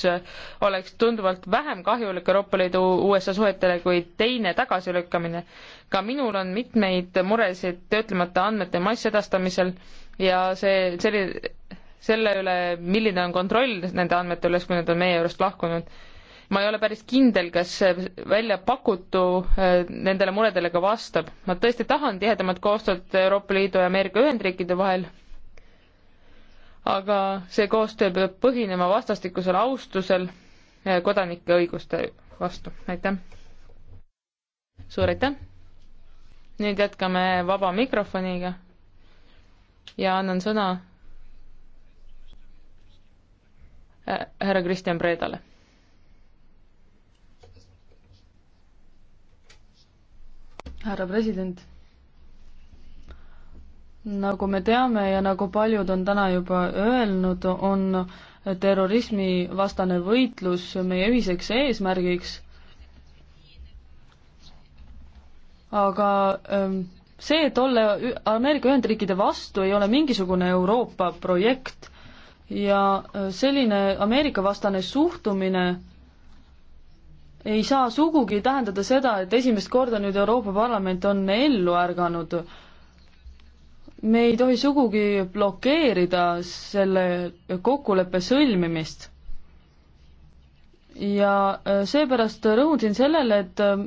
oleks tunduvalt vähem kahjulik Euroopa Liidu USA suhetele kui teine tagasilükkamine. ka minul on mitmeid muresid töötlemata andmete massedastamisel ja see, selline selle üle, milline on kontroll nende andmete üles, kui nad on meie juurest lahkunud ma ei ole päris kindel, kas välja pakutu äh, nendele muredele ka vastab. ma tõesti tahan tihedamat koostööd Euroopa Liidu ja Ameerika Ühendriikide vahel, aga see koostöö peab põhinema vastastikusel austusel äh, kodanike õiguste vastu, aitäh! suur aitäh! nüüd jätkame vaba mikrofoniga ja annan sõna äh, härra Kristjan Predale härra president. nagu me teame ja nagu paljud on täna juba öelnud, on terrorismivastane võitlus meie ühiseks eesmärgiks. aga ähm, see, et olla Ameerika Ühendriikide vastu, ei ole mingisugune Euroopa projekt ja äh, selline Ameerika-vastane suhtumine ei saa sugugi tähendada seda, et esimest korda nüüd Euroopa Parlament on ellu ärganud. me ei tohi sugugi blokeerida selle kokkuleppe sõlmimist. ja äh, seepärast rõhutasin sellele, et äh,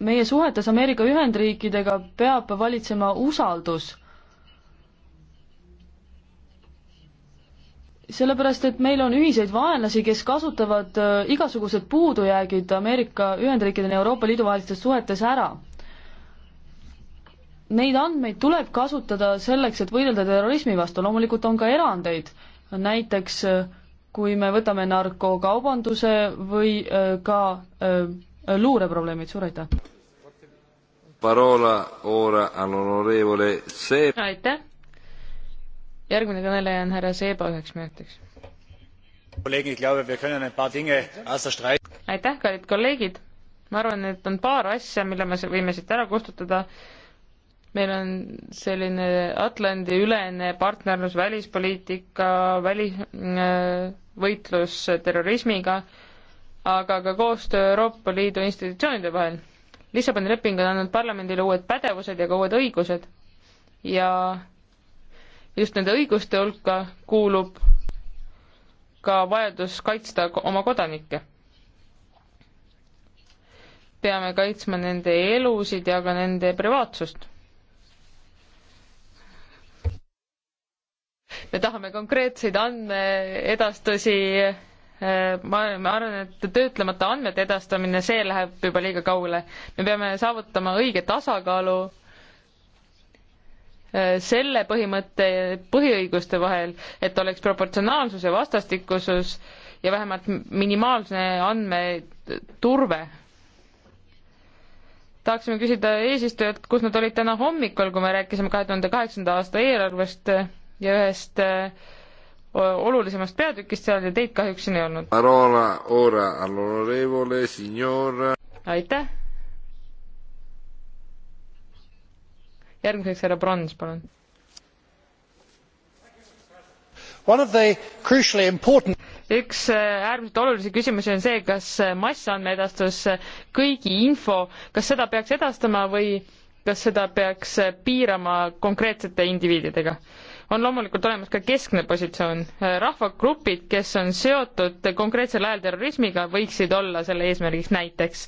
meie suhetes Ameerika Ühendriikidega peab valitsema usaldus sellepärast, et meil on ühiseid vaenlasi, kes kasutavad äh, igasugused puudujäägid Ameerika Ühendriikide ja Euroopa Liidu vahelistes suhetes ära. Neid andmeid tuleb kasutada selleks, et võidelda terrorismi vastu, loomulikult on ka erandeid, näiteks äh, kui me võtame narkokaubanduse või äh, ka luureprobleemid, suur aitäh! aitäh! järgmine kõneleja on härra Seeba üheks minutiks. aitäh, kallid kolleegid. ma arvan, et on paar asja, mille me võime siit ära kustutada. meil on selline Atlandi-ülene partnerlus välispoliitika, väli-, äh, võitlus terrorismiga, aga ka koostöö Euroopa Liidu institutsioonide vahel. Lissaboni leping on andnud parlamendile uued pädevused ja ka uued õigused ja just nende õiguste hulka kuulub ka vajadus kaitsta oma kodanikke. peame kaitsma nende elusid ja ka nende privaatsust. me tahame konkreetseid andmeedastusi äh, ma, ma arvan, et töötlemata andmete edastamine, see läheb juba liiga kaugele. me peame saavutama õige tasakaalu Äh, selle põhimõtte põhiõiguste vahel, et oleks proportsionaalsus ja vastastikusus ja vähemalt minimaalne andmeturve. tahaksime küsida eesistujalt, kus nad olid täna hommikul, kui me rääkisime kahe tuhande kaheksanda aasta eelarvest ja ühest äh, olulisemast peatükist seal ja teid kahjuks siin ei olnud. aitäh järgmiseks härra Brons, palun. Important... üks äh, äärmiselt olulisi küsimusi on see, kas äh, massandmeedastus, äh, kõigi info, kas seda peaks edastama või kas seda peaks piirama konkreetsete indiviididega? on loomulikult olemas ka keskne positsioon. rahvagrupid, kes on seotud konkreetsel ajal terrorismiga, võiksid olla selle eesmärgiks näiteks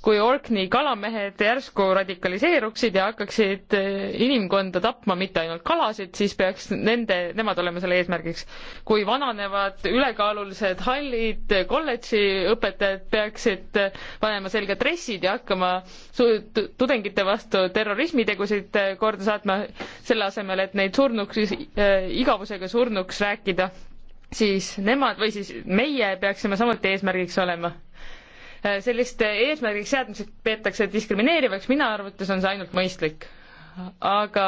kui Orkney kalamehed järsku radikaliseeruksid ja hakkaksid eh, inimkonda tapma, mitte ainult kalasid, siis peaks nende, nemad olema selle eesmärgiks. kui vananevad ülekaalulised hallid eh, kolledži õpetajad peaksid eh, panema selga dressid ja hakkama tudengite vastu terrorismitegusid korda saatma, selle asemel, et neid surnuks, igavusega surnuks rääkida, siis nemad või siis meie peaksime samuti eesmärgiks olema Äh, sellist eesmärgiks seadmiseks peetakse diskrimineerivaks, minu arvates on see ainult mõistlik. aga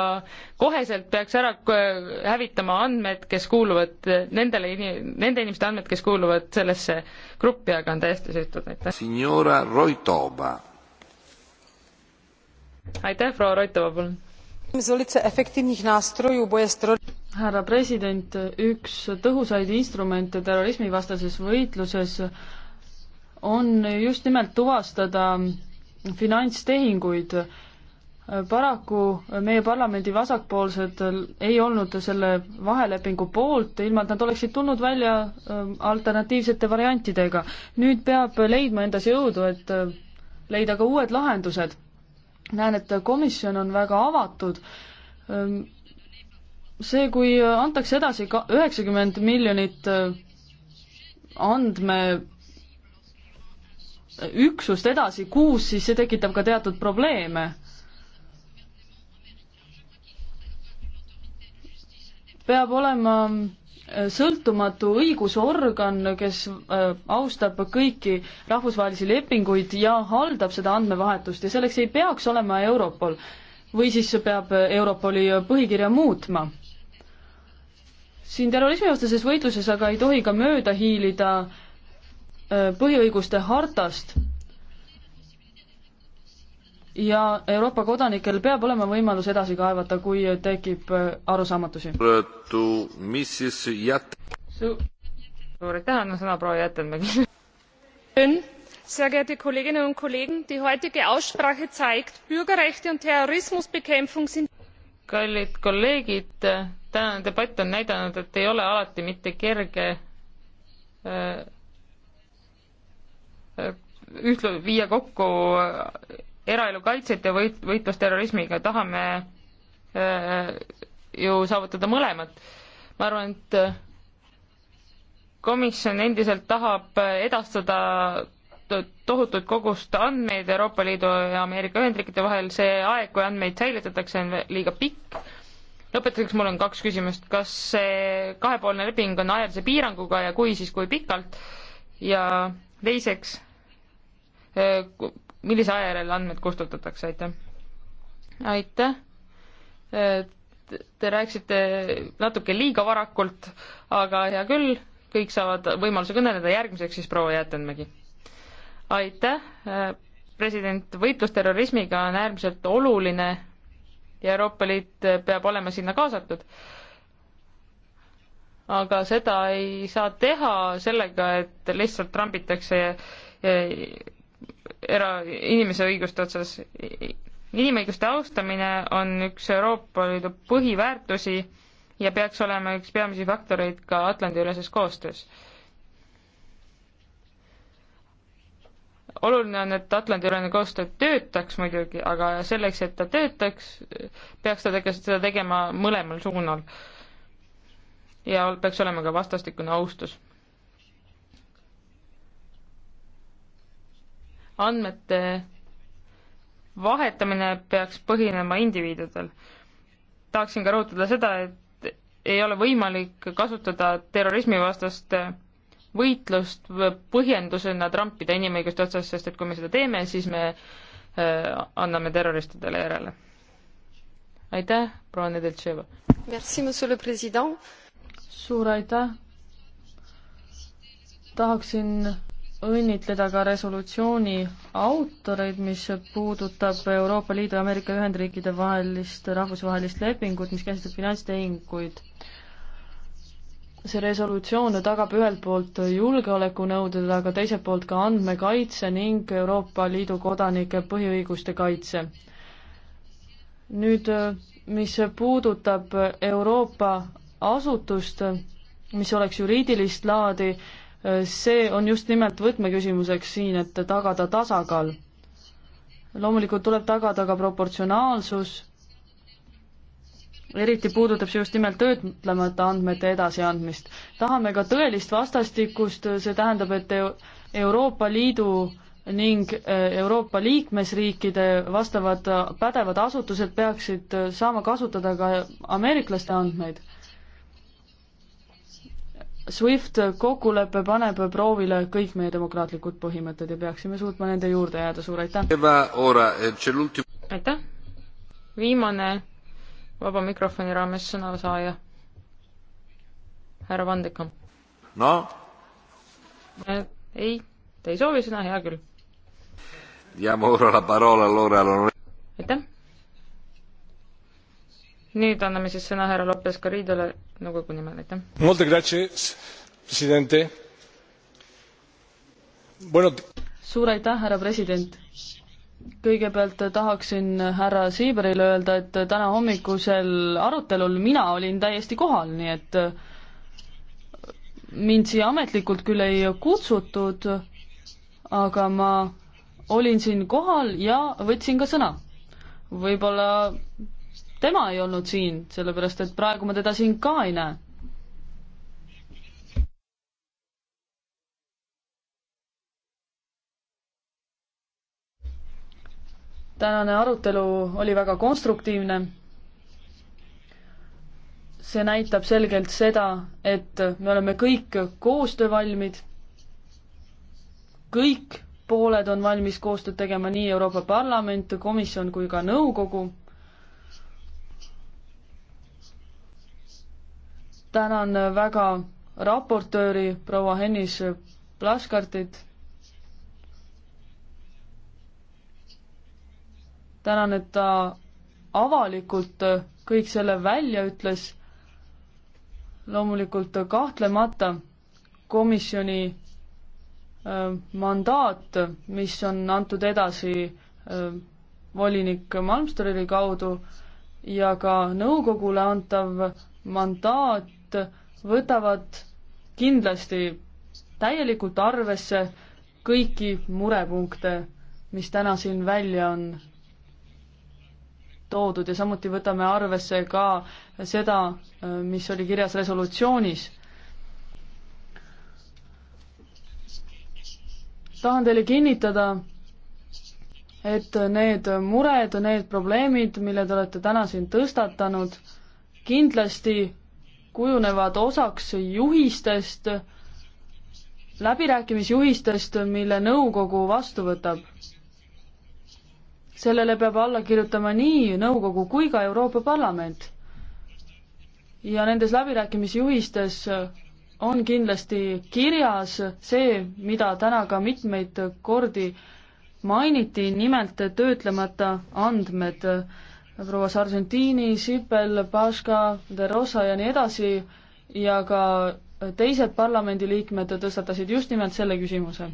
koheselt peaks ära äh, hävitama andmed, kes kuuluvad äh, nendele, nende inimeste andmed, kes kuuluvad sellesse gruppi, aga on täiesti süütud, aitäh. Signora Roitova. aitäh, proua Roitova, palun. mis olid see efektiivne naastrojuu poest härra president, üks tõhusaid instrumente terrorismivastases võitluses on just nimelt tuvastada finantstehinguid. paraku meie parlamendi vasakpoolsed ei olnud selle vahelepingu poolt, ilma et nad oleksid tulnud välja ähm, alternatiivsete variantidega. nüüd peab leidma endas jõudu, et äh, leida ka uued lahendused. näen, et komisjon on väga avatud ähm, see, kui antakse edasi ka üheksakümmend miljonit äh, andme üksust edasi kuus, siis see tekitab ka teatud probleeme. peab olema äh, sõltumatu õigusorgan, kes äh, austab kõiki rahvusvahelisi lepinguid ja haldab seda andmevahetust ja selleks ei peaks olema Europol. või siis peab Europoli põhikirja muutma. siin terrorismivastases võitluses aga ei tohi ka mööda hiilida äh, põhiõiguste hartast ja Euroopa kodanikel peab olema võimalus edasi kaevata, kui tekib äh, arusaamatusi. suur aitäh, annan sõna proua Jätenmägi. Sehr geehrte Kolleginnen und Kollegen, die heutige Aussprache zeigt, Bürgerrechte und Terrorismusbekämpfung sind kallid kolleegid, tänane debatt on näidanud, et ei ole alati mitte kerge äh, ühtlu-, viia kokku eraelu kaitset ja võit-, võitlust terrorismiga, tahame äh, ju saavutada mõlemat. ma arvan, et komisjon endiselt tahab edastada tohutut kogust andmeid Euroopa Liidu ja Ameerika Ühendriikide vahel, see aeg, kui andmeid säilitatakse, on liiga pikk. lõpetuseks mul on kaks küsimust, kas see kahepoolne leping on ajalise piiranguga ja kui, siis kui pikalt ja teiseks, äh, millise aja järel andmed kustutatakse, aitäh. aitäh. Äh, te rääkisite natuke liiga varakult, aga hea küll, kõik saavad võimaluse kõneleda, järgmiseks siis proua Jäätenmägi. aitäh, äh, president, võitlus terrorismiga on äärmiselt oluline ja Euroopa Liit peab olema sinna kaasatud aga seda ei saa teha sellega, et lihtsalt trambitakse e, era-, inimese õiguste otsas. inimõiguste austamine on üks Euroopa Liidu põhiväärtusi ja peaks olema üks peamisi faktoreid ka Atlandi-üleses koostöös. oluline on, et Atlandi-ülene koostöö töötaks muidugi, aga selleks, et ta töötaks, peaks ta tege-, seda tegema mõlemal suunal ja peaks olema ka vastastikune austus. andmete vahetamine peaks põhinema indiviididel. tahaksin ka rõhutada seda, et ei ole võimalik kasutada terrorismivastast võitlust põhjendusena trampida inimõiguste otsas, sest et kui me seda teeme, siis me äh, anname terroristidele järele. aitäh, proua Nedeltševa. Merci, monsieur le president suur aitäh! tahaksin õnnitleda ka resolutsiooni autoreid, mis puudutab Euroopa Liidu ja Ameerika Ühendriikide vahelist rahvusvahelist lepingut, mis käsitleb finantstehinguid. see resolutsioon tagab ühelt poolt julgeolekunõuded, aga teiselt poolt ka andmekaitse ning Euroopa Liidu kodanike põhiõiguste kaitse. nüüd mis puudutab Euroopa asutust, mis oleks juriidilist laadi, see on just nimelt võtmeküsimuseks siin, et tagada tasakaal. loomulikult tuleb tagada ka proportsionaalsus, eriti puudutab see just nimelt töötlemata andmete edasiandmist. tahame ka tõelist vastastikust, see tähendab, et Euroopa Liidu ning eh, Euroopa liikmesriikide vastavad pädevad asutused peaksid saama kasutada ka ameeriklaste andmeid SWIFT kokkulepe paneb proovile kõik meie demokraatlikud põhimõtted ja peaksime suutma nende juurde jääda, suur aitäh! Eh, aitäh! viimane vaba mikrofoni raames sõnasaaja, härra Vandekam. no? Äh, ei, te ei soovi sõna, hea küll. aitäh! nüüd anname siis sõna härra Lopez Garridole nõukogu nimel, aitäh. suur aitäh, härra president. kõigepealt tahaksin härra Siiberile öelda, et täna hommikusel arutelul mina olin täiesti kohal, nii et mind siia ametlikult küll ei kutsutud, aga ma olin siin kohal ja võtsin ka sõna. võib-olla tema ei olnud siin, sellepärast et praegu ma teda siin ka ei näe. tänane arutelu oli väga konstruktiivne. see näitab selgelt seda, et me oleme kõik koostöövalmid. kõik pooled on valmis koostööd tegema, nii Euroopa Parlament, komisjon kui ka nõukogu tänan väga raportööri proua Hennis Plaskartit. tänan, et ta avalikult kõik selle välja ütles. loomulikult kahtlemata komisjoni äh, mandaat, mis on antud edasi äh, volinik Malmströmi kaudu ja ka nõukogule antav mandaat raport võtavad kindlasti täielikult arvesse kõiki murepunkte, mis täna siin välja on toodud ja samuti võtame arvesse ka seda, mis oli kirjas resolutsioonis. tahan teile kinnitada, et need mured, need probleemid, mille te olete täna siin tõstatanud, kindlasti kujunevad osaks juhistest, läbirääkimisjuhistest, mille nõukogu vastu võtab. sellele peab alla kirjutama nii nõukogu kui ka Euroopa Parlament. ja nendes läbirääkimisjuhistes on kindlasti kirjas see, mida täna ka mitmeid kordi mainiti, nimelt töötlemata andmed proua Sargentini, Sipel, Paška, De Rosa ja nii edasi ja ka teised parlamendiliikmed tõstatasid just nimelt selle küsimuse.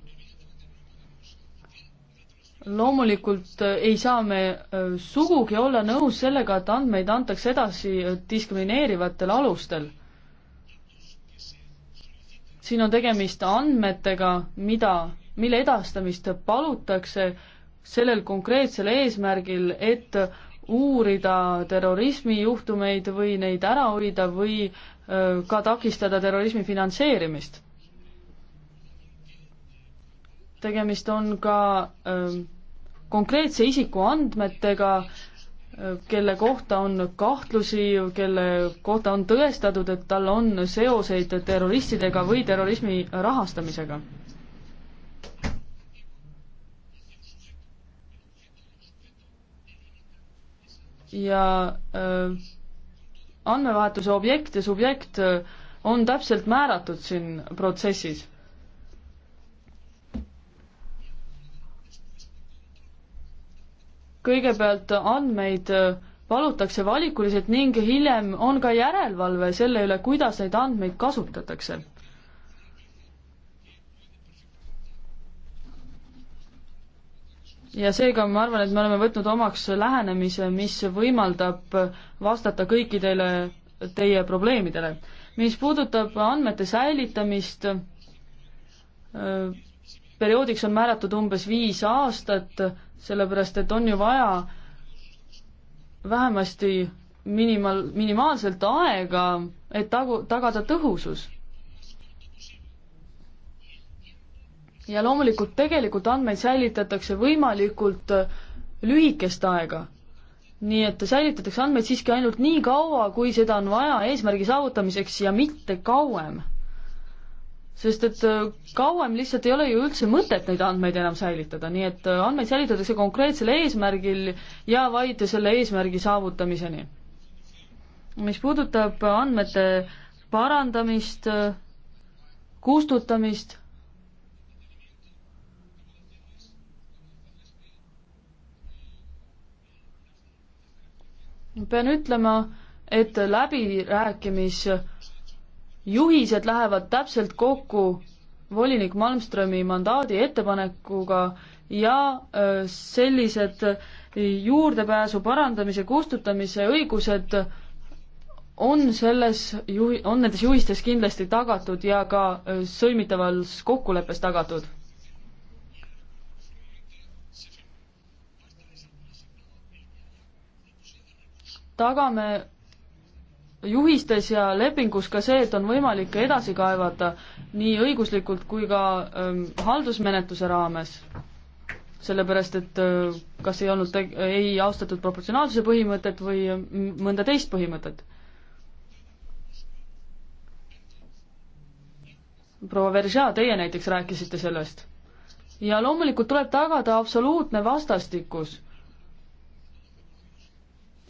loomulikult ei saa me äh, sugugi olla nõus sellega, et andmeid antakse edasi diskrimineerivatel alustel. siin on tegemist andmetega, mida, mille edastamist palutakse sellel konkreetsel eesmärgil, et uurida terrorismijuhtumeid või neid ära hoida või ka takistada terrorismi finantseerimist. tegemist on ka konkreetse isiku andmetega, kelle kohta on kahtlusi, kelle kohta on tõestatud, et tal on seoseid terroristidega või terrorismi rahastamisega ja öö, äh, andmevahetuse objekt ja subjekt äh, on täpselt määratud siin protsessis. kõigepealt andmeid äh, palutakse valikuliselt ning hiljem on ka järelevalve selle üle, kuidas neid andmeid kasutatakse ja seega ma arvan, et me oleme võtnud omaks lähenemise, mis võimaldab vastata kõikidele teie probleemidele. mis puudutab andmete säilitamist, äh, perioodiks on määratud umbes viis aastat, sellepärast et on ju vaja vähemasti minimal, minimaalselt aega, et tagu-, tagada tõhusus ja loomulikult tegelikult andmeid säilitatakse võimalikult äh, lühikest aega. nii et säilitatakse andmeid siiski ainult nii kaua, kui seda on vaja eesmärgi saavutamiseks ja mitte kauem. sest et äh, kauem lihtsalt ei ole ju üldse mõtet neid andmeid enam säilitada, nii et äh, andmeid säilitatakse konkreetsel eesmärgil ja vaid selle eesmärgi saavutamiseni. mis puudutab andmete parandamist, kustutamist pean ütlema, et läbirääkimisjuhised lähevad täpselt kokku volinik Malmströmi mandaadi ettepanekuga ja sellised juurdepääsu parandamise, kustutamise õigused on selles juhi, on nendes juhistes kindlasti tagatud ja ka sõlmitavas kokkuleppes tagatud. tagame juhistes ja lepingus ka see, et on võimalik edasi kaevata nii õiguslikult kui ka ähm, haldusmenetluse raames, sellepärast et äh, kas ei olnud, ei austatud proportsionaalsuse põhimõtet või äh, mõnda teist põhimõtet. proua Veržea, teie näiteks rääkisite sellest. ja loomulikult tuleb tagada absoluutne vastastikus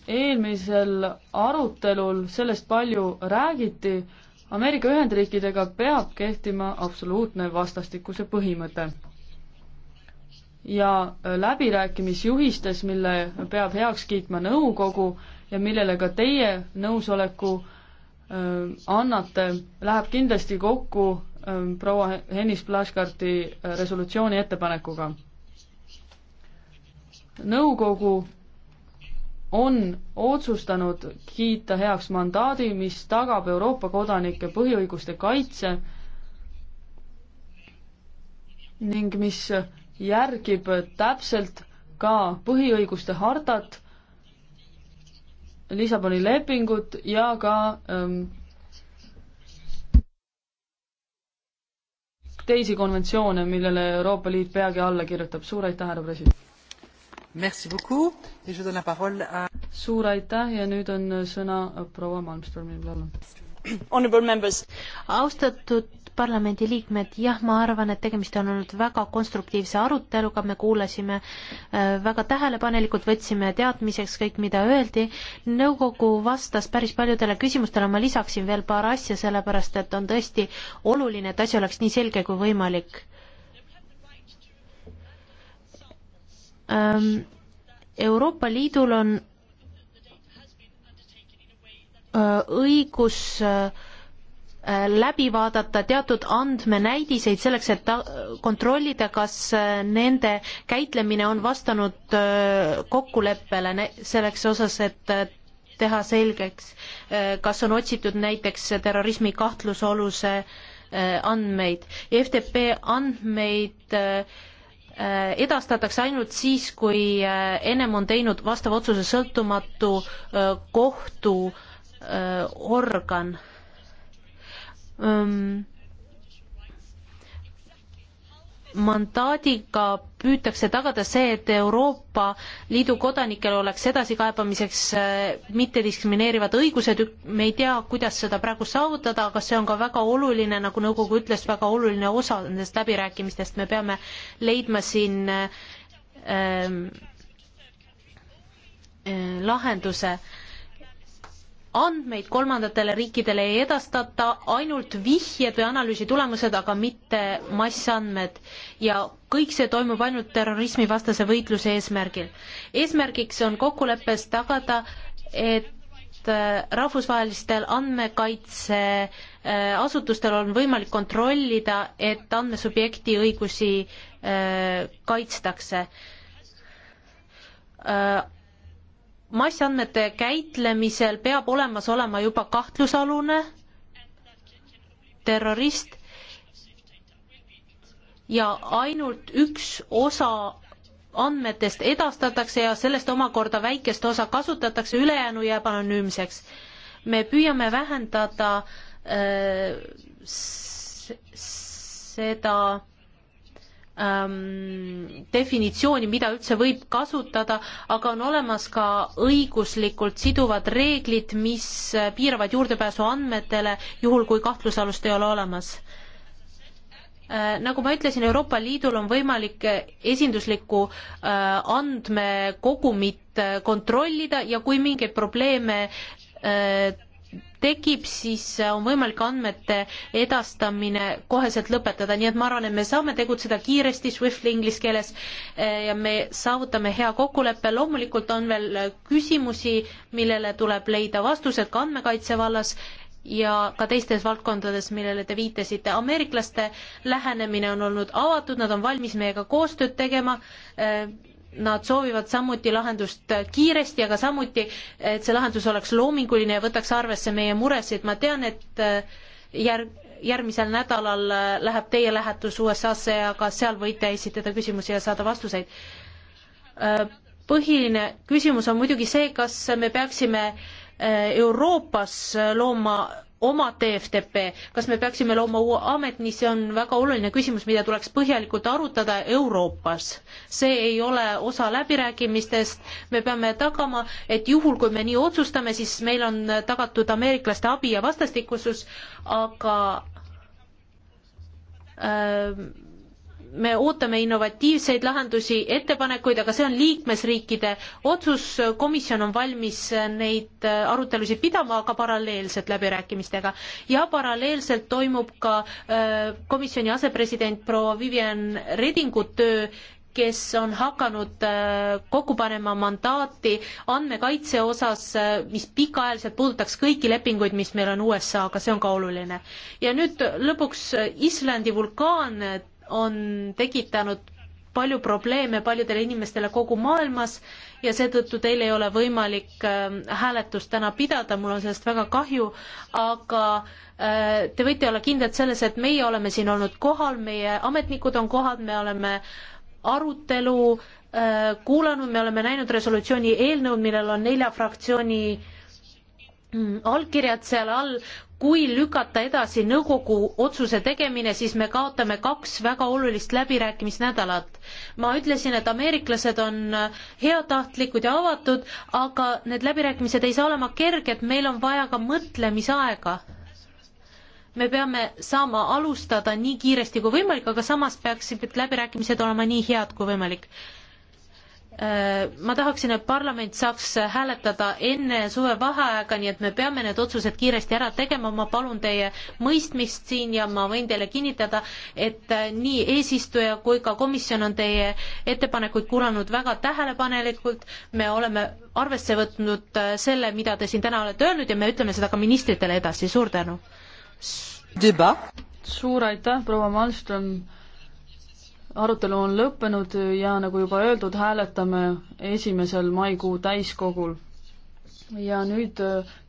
eelmisel arutelul sellest palju räägiti, Ameerika Ühendriikidega peab kehtima absoluutne vastastikuse põhimõte. ja läbirääkimisjuhistes, mille peab heaks kiitma nõukogu ja millele ka teie nõusoleku äh, annate, läheb kindlasti kokku äh, proua Hennis Plaskarti äh, resolutsiooni ettepanekuga. nõukogu on otsustanud kiita heaks mandaadi, mis tagab Euroopa kodanike põhiõiguste kaitse ning mis järgib täpselt ka põhiõiguste hartat, Lissaboni lepingut ja ka ähm, teisi konventsioone, millele Euroopa Liit peagi alla kirjutab. suur aitäh, härra president! suur aitäh ja nüüd on sõna proua Malmströmil, palun. austatud parlamendiliikmed, jah, ma arvan, et tegemist on olnud väga konstruktiivse aruteluga, me kuulasime äh, väga tähelepanelikult, võtsime teadmiseks kõik, mida öeldi. nõukogu vastas päris paljudele küsimustele, ma lisaksin veel paar asja, sellepärast et on tõesti oluline, et asi oleks nii selge kui võimalik Ähm, Euroopa Liidul on äh, õigus äh, läbi vaadata teatud andmenäidiseid selleks, et ta, kontrollida, kas äh, nende käitlemine on vastanud kokkuleppele selleks osas, et teha selgeks, kas on otsitud näiteks terrorismi kahtlusoluse andmeid. FTP andmeid äh, Äh, edastatakse ainult siis, kui äh, ennem on teinud vastava otsuse sõltumatu äh, kohtuorgan mandaadiga püütakse tagada see, et Euroopa Liidu kodanikel oleks edasikaebamiseks äh, mittediskrimineerivad õigused, me ei tea, kuidas seda praegu saavutada, aga see on ka väga oluline, nagu nõukogu ütles, väga oluline osa nendest läbirääkimistest, me peame leidma siin ähm, äh, lahenduse äh, andmeid kolmandatele riikidele ei edastata, ainult vihjed või analüüsi tulemused, aga mitte massandmed. ja kõik see toimub ainult terrorismivastase võitluse eesmärgil. eesmärgiks on kokkuleppes tagada, et äh, rahvusvahelistel andmekaitseasutustel äh, on võimalik kontrollida, et andmesubjekti õigusi äh, kaitstakse massandmete käitlemisel peab olemas olema juba kahtlusalune terrorist ja ainult üks osa andmetest edastatakse ja sellest omakorda väikest osa kasutatakse, ülejäänu jääb anonüümseks. me püüame vähendada äh, seda äh, ähm, definitsiooni, mida üldse võib kasutada, aga on olemas ka õiguslikult siduvad reeglid, mis piiravad juurdepääsu andmetele, juhul kui kahtlusalust ei ole olemas äh, nagu ma ütlesin, Euroopa Liidul on võimalik esinduslikku äh, andmekogumit äh, kontrollida ja kui mingeid probleeme tekib, siis äh, on võimalik andmete edastamine koheselt lõpetada, nii et ma arvan, et me saame tegutseda kiiresti Swiftli inglise keeles äh, ja me saavutame hea kokkuleppe. loomulikult on veel äh, küsimusi, millele tuleb leida vastused ka andmekaitse vallas ja ka teistes valdkondades, millele te viitasite. ameeriklaste lähenemine on olnud avatud, nad on valmis meiega koostööd tegema nad soovivad samuti lahendust kiiresti, aga samuti, et see lahendus oleks loominguline ja võtaks arvesse meie muresid. ma tean, et äh, järg, järgmisel nädalal äh, läheb teie lähetus USA-sse ja ka seal võite esitada küsimusi ja saada vastuseid. Äh, põhiline küsimus on muidugi see, kas me peaksime Euroopas looma oma TFTP, kas me peaksime looma uue ameti, see on väga oluline küsimus, mida tuleks põhjalikult arutada Euroopas. see ei ole osa läbirääkimistest, me peame tagama, et juhul, kui me nii otsustame, siis meil on tagatud ameeriklaste abi ja vastastikusus, aga äh, me ootame innovatiivseid lahendusi, ettepanekuid, aga see on liikmesriikide otsus, komisjon on valmis neid arutelusid pidama, aga paralleelselt läbirääkimistega. ja paralleelselt toimub ka äh, komisjoni asepresident proua Vivian Redingu töö, kes on hakanud äh, kokku panema mandaati andmekaitse osas, äh, mis pikaajaliselt puudutaks kõiki lepinguid, mis meil on USA-ga, see on ka oluline. ja nüüd lõpuks Islandi vulkaan on tekitanud palju probleeme paljudele inimestele kogu maailmas ja seetõttu teil ei ole võimalik ähm, hääletust täna pidada, mul on sellest väga kahju, aga äh, te võite olla kindlad selles, et meie oleme siin olnud kohal, meie ametnikud on kohal, me oleme arutelu äh, kuulanud, me oleme näinud resolutsiooni eelnõud, millel on nelja fraktsiooni äh, Mm, allkirjad seal all, kui lükata edasi nõukogu otsuse tegemine, siis me kaotame kaks väga olulist läbirääkimisnädalat. ma ütlesin, et ameeriklased on äh, heatahtlikud ja avatud, aga need läbirääkimised ei saa olema kerged, meil on vaja ka mõtlemisaega. me peame saama alustada nii kiiresti kui võimalik, aga samas peaksid läbirääkimised olema nii head kui võimalik Äh, ma tahaksin, et parlament saaks hääletada enne suvevaheaega, nii et me peame need otsused kiiresti ära tegema, ma palun teie mõistmist siin ja ma võin teile kinnitada, et äh, nii eesistuja kui ka komisjon on teie ettepanekuid kuulanud väga tähelepanelikult, me oleme arvesse võtnud äh, selle, mida te siin täna olete öelnud ja me ütleme seda ka ministritele edasi, suur tänu! suur aitäh, proua Malmström! arutelu on lõppenud ja nagu juba öeldud, hääletame esimesel maikuu täiskogul. ja nüüd tere äh,